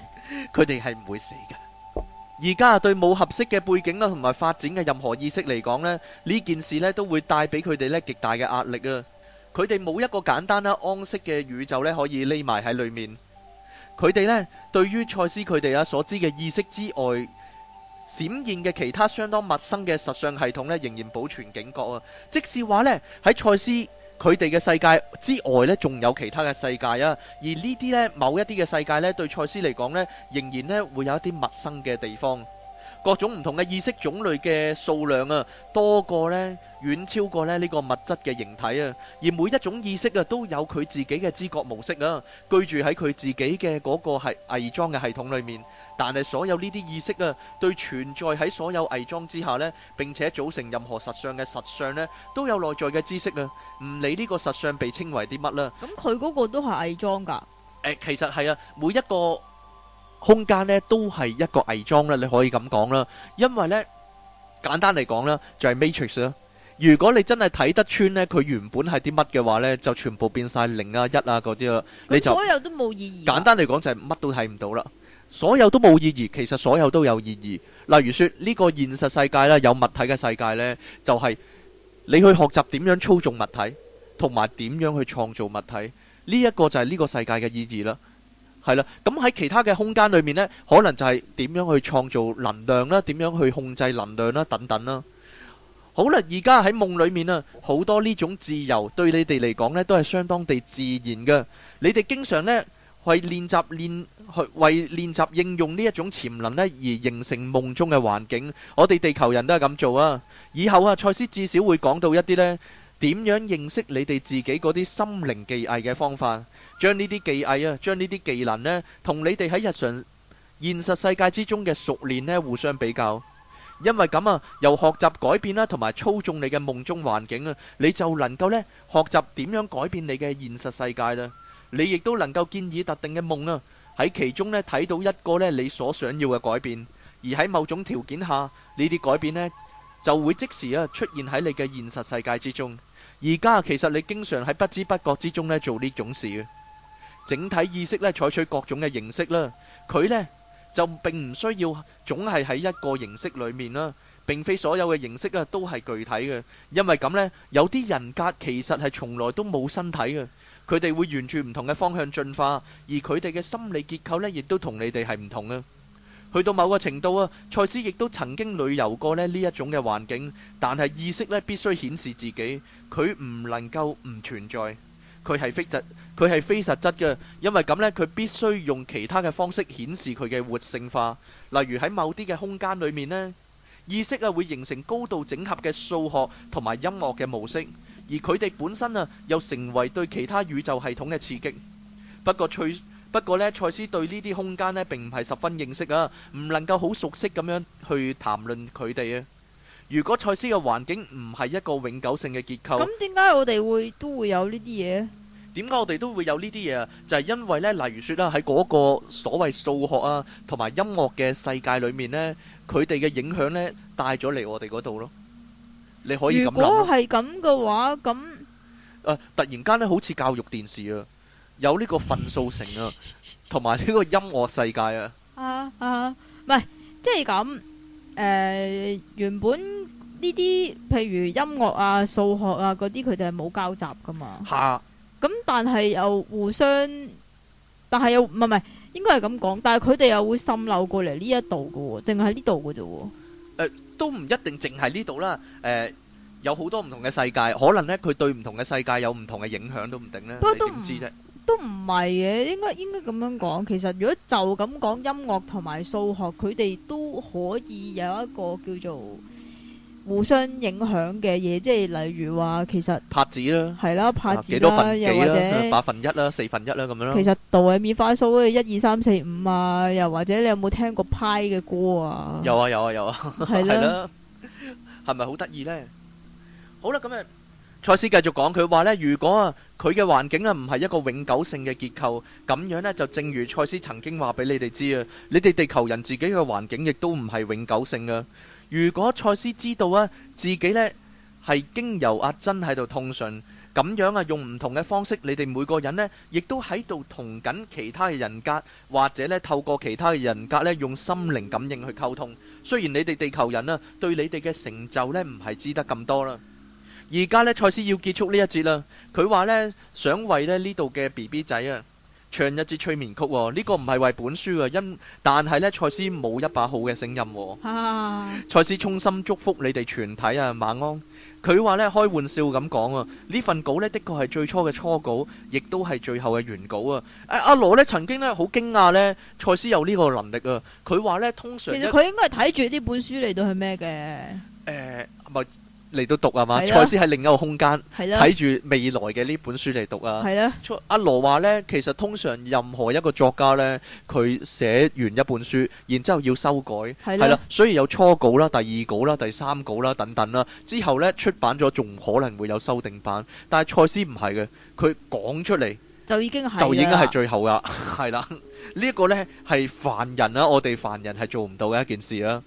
佢哋係唔會死嘅。而家啊，對冇合適嘅背景啦，同埋發展嘅任何意識嚟講咧，呢件事咧都會帶俾佢哋咧極大嘅壓力啊！佢哋冇一個簡單啦安息嘅宇宙咧，可以匿埋喺裏面。佢哋咧對於賽斯佢哋啊所知嘅意識之外，閃現嘅其他相當陌生嘅實相系統咧，仍然保存警覺啊。即使話咧喺賽斯佢哋嘅世界之外咧，仲有其他嘅世界啊。而呢啲咧某一啲嘅世界咧，對賽斯嚟講咧，仍然咧會有一啲陌生嘅地方。各種唔同嘅意識種類嘅數量啊，多過呢，遠超過呢呢個物質嘅形體啊。而每一種意識啊，都有佢自己嘅知覺模式啊，居住喺佢自己嘅嗰個係偽裝嘅系統裏面。但係所有呢啲意識啊，對存在喺所有偽裝之下呢，並且組成任何實相嘅實相呢，都有內在嘅知識啊。唔理呢個實相被稱為啲乜啦。咁佢嗰個都係偽裝㗎。誒，其實係啊，每一個。空間呢都係一個偽裝啦，你可以咁講啦。因為呢，簡單嚟講呢，就係 Matrix 啦。如果你真係睇得穿呢，佢原本係啲乜嘅話呢，就全部變晒零啊一啊嗰啲咯。你就所有都冇意義。簡單嚟講就係乜都睇唔到啦。所有都冇意義，其實所有都有意義。例如說呢個現實世界啦，有物體嘅世界呢，就係你去學習點樣操縱物體，同埋點樣去創造物體。呢一個就係呢個世界嘅意義啦。係啦，咁喺其他嘅空間裏面呢，可能就係點樣去創造能量啦，點樣去控制能量啦，等等啦。好啦，而家喺夢裏面啊，好多呢種自由對你哋嚟講呢，都係相當地自然嘅。你哋經常呢，係練習練去為練習應用呢一種潛能呢，而形成夢中嘅環境。我哋地球人都係咁做啊。以後啊，賽斯至少會講到一啲呢。點樣認識你哋自己嗰啲心靈技藝嘅方法？將呢啲技藝啊，將呢啲技能咧，同你哋喺日常現實世界之中嘅熟練咧互相比較。因為咁啊，由學習改變啦，同埋操縱你嘅夢中環境啊，你就能夠咧學習點樣改變你嘅現實世界啦。你亦都能夠建議特定嘅夢啊，喺其中咧睇到一個咧你所想要嘅改變，而喺某種條件下呢啲改變咧就會即時啊出現喺你嘅現實世界之中。而家其實你經常喺不知不覺之中呢，做呢種事，整體意識呢，採取各種嘅形式啦，佢呢就並唔需要總係喺一個形式裏面啦，並非所有嘅形式啊都係具體嘅，因為咁呢，有啲人格其實係從來都冇身體嘅，佢哋會沿住唔同嘅方向進化，而佢哋嘅心理結構呢，亦都你同你哋係唔同啊。去到某個程度啊，賽斯亦都曾經旅遊過咧呢一種嘅環境，但係意識咧必須顯示自己，佢唔能夠唔存在，佢係非質，佢係非實質嘅，因為咁呢，佢必須用其他嘅方式顯示佢嘅活性化，例如喺某啲嘅空間裏面呢意識啊會形成高度整合嘅數學同埋音樂嘅模式，而佢哋本身啊又成為對其他宇宙系統嘅刺激。不過，脆。不過咧，賽斯對呢啲空間咧，並唔係十分認識啊，唔能夠好熟悉咁樣去談論佢哋啊。如果賽斯嘅環境唔係一個永久性嘅結構，咁點解我哋會都會有呢啲嘢？點解我哋都會有呢啲嘢啊？就係因為咧，例如說啦，喺嗰個所謂數學啊，同埋音樂嘅世界裏面咧，佢哋嘅影響咧，帶咗嚟我哋嗰度咯。你可以咁諗。如果係咁嘅話，咁誒，突然間咧，好似教育電視啊。有呢個分數性啊，同埋呢個音樂世界啊，啊啊，唔係即係咁誒。原本呢啲譬如音樂啊、數學啊嗰啲，佢哋係冇交集噶嘛，係啊。咁但係又互相，但係又唔係唔係，應該係咁講。但係佢哋又會滲漏過嚟呢一度噶喎，淨係喺呢度噶啫？誒，都唔一定，淨係呢度啦。誒，有好多唔同嘅世界，可能咧佢對唔同嘅世界有唔同嘅影響都唔定咧，你點知啫？都唔係嘅，應該應該咁樣講。其實如果就咁講音樂同埋數學，佢哋都可以有一個叫做互相影響嘅嘢。即係例如話，其實拍子啦，係啦，拍子啦，又或者八分一啦、四分一啦咁樣啦。其實度係咪快數啊？一二三四五啊，又或者你有冇聽過派嘅歌啊？有啊有啊有啊，係咯係咪好得意咧？好啦，咁啊，賽斯繼續講，佢話咧，如果啊。佢嘅環境啊，唔係一個永久性嘅結構，咁樣咧就正如賽斯曾經話俾你哋知啊，你哋地球人自己嘅環境亦都唔係永久性嘅。如果賽斯知道啊，自己咧係經由阿珍喺度通訊，咁樣啊用唔同嘅方式，你哋每個人咧亦都喺度同緊其他嘅人格，或者咧透過其他嘅人格咧用心靈感應去溝通。雖然你哋地球人啊，對你哋嘅成就咧唔係知得咁多啦。而家呢，賽斯要結束呢一節啦。佢話呢，想為呢呢度嘅 B B 仔啊，唱一節催眠曲、啊。呢、這個唔係為本書啊，因但係呢，賽斯冇一把好嘅聲音。啊！賽、啊、斯衷心祝福你哋全體啊，晚安。佢話呢，開玩笑咁講啊，呢份稿呢，的確係最初嘅初稿，亦都係最後嘅原稿啊。阿、啊、羅呢，曾經呢，好驚訝呢。賽斯有呢個能力啊。佢話呢，通常其實佢應該係睇住呢本書嚟到係咩嘅？誒、呃，係、就是。嚟到讀啊嘛？賽的斯喺另一個空間，睇住的未來嘅呢本書嚟讀啊！阿羅的、啊、話呢，其實通常任何一個作家呢，佢寫完一本書，然之後要修改，係啦的，所以有初稿啦、第二稿啦、第三稿啦等等啦。之後呢，出版咗，仲可能會有修訂版。但係賽斯唔係嘅，佢講出嚟就已經係，就已經係最後㗎，係啦的。呢一 (laughs) (laughs) 個呢，係凡人啊，我哋凡人係做唔到嘅一件事啊。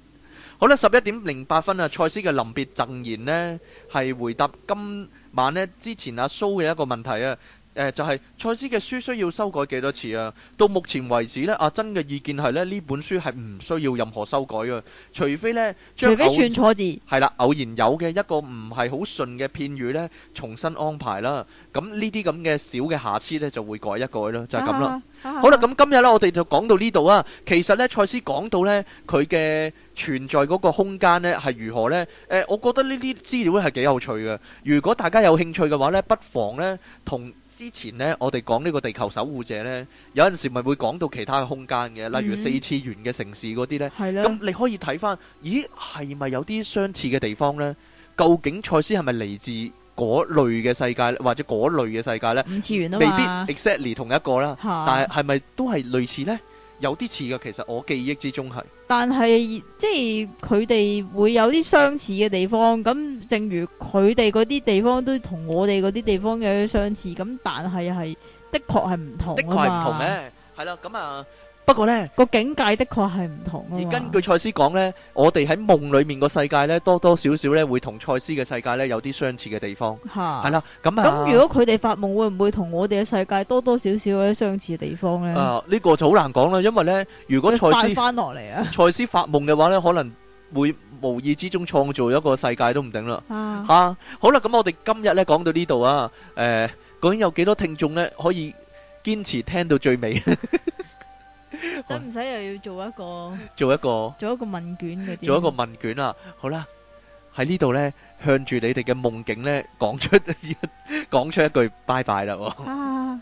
好啦，十一點零八分啊！賽斯嘅臨別贈言呢，係回答今晚咧之前阿蘇嘅一個問題啊。誒、呃，就係賽斯嘅書需要修改幾多次啊？到目前為止呢，阿、啊、珍嘅意見係咧呢本書係唔需要任何修改啊，除非呢，除非算錯字係啦，偶然有嘅一個唔係好順嘅片語呢，重新安排啦。咁呢啲咁嘅小嘅瑕疵呢，就會改一改啦，就係、是、咁啦。好啦，咁今日呢，我哋就講到呢度啊。其實呢，賽斯講到呢，佢嘅存在嗰個空間咧係如何咧？誒、呃，我覺得呢啲資料咧係幾有趣嘅。如果大家有興趣嘅話咧，不妨咧同之前咧我哋講呢個地球守護者咧，有陣時咪會講到其他嘅空間嘅，例如四次元嘅城市嗰啲咧。係咧、嗯。咁你可以睇翻，咦係咪有啲相似嘅地方咧？究竟賽斯係咪嚟自嗰類嘅世界或者嗰類嘅世界咧？五次元啊嘛未必 exactly 同一個啦，啊、但係係咪都係類似咧？有啲似嘅，其實我記憶之中係。但係即係佢哋會有啲相似嘅地方，咁正如佢哋嗰啲地方都同我哋嗰啲地方有啲相似，咁但係係的確係唔同。的確係唔同咩？係啦，咁啊。 (noise) (noise) (noise) (noise) (noise) (noise) (noise) 不過咧，個境界的確係唔同啊。而根據蔡司講咧，我哋喺夢裏面個世界咧，多多少少咧會同蔡司嘅世界咧有啲相似嘅地方。吓係啦，咁咁如果佢哋發夢會唔會同我哋嘅世界多多少少有啲相似嘅地方咧？啊，呢個就好難講啦，因為咧，如果蔡司翻落嚟啊，蔡司發夢嘅話咧，可能會無意之中創造一個世界都唔定啦。啊，吓好啦，咁我哋今日咧講到呢度啊，誒，究竟有幾多聽眾咧可以堅持聽到最尾？使唔使又要做一個？做一個，做一個問卷嘅。做一個問卷啦，好啦，喺呢度呢，向住你哋嘅夢境呢，講出，講 (laughs) 出一句拜拜啦。 (laughs) 啊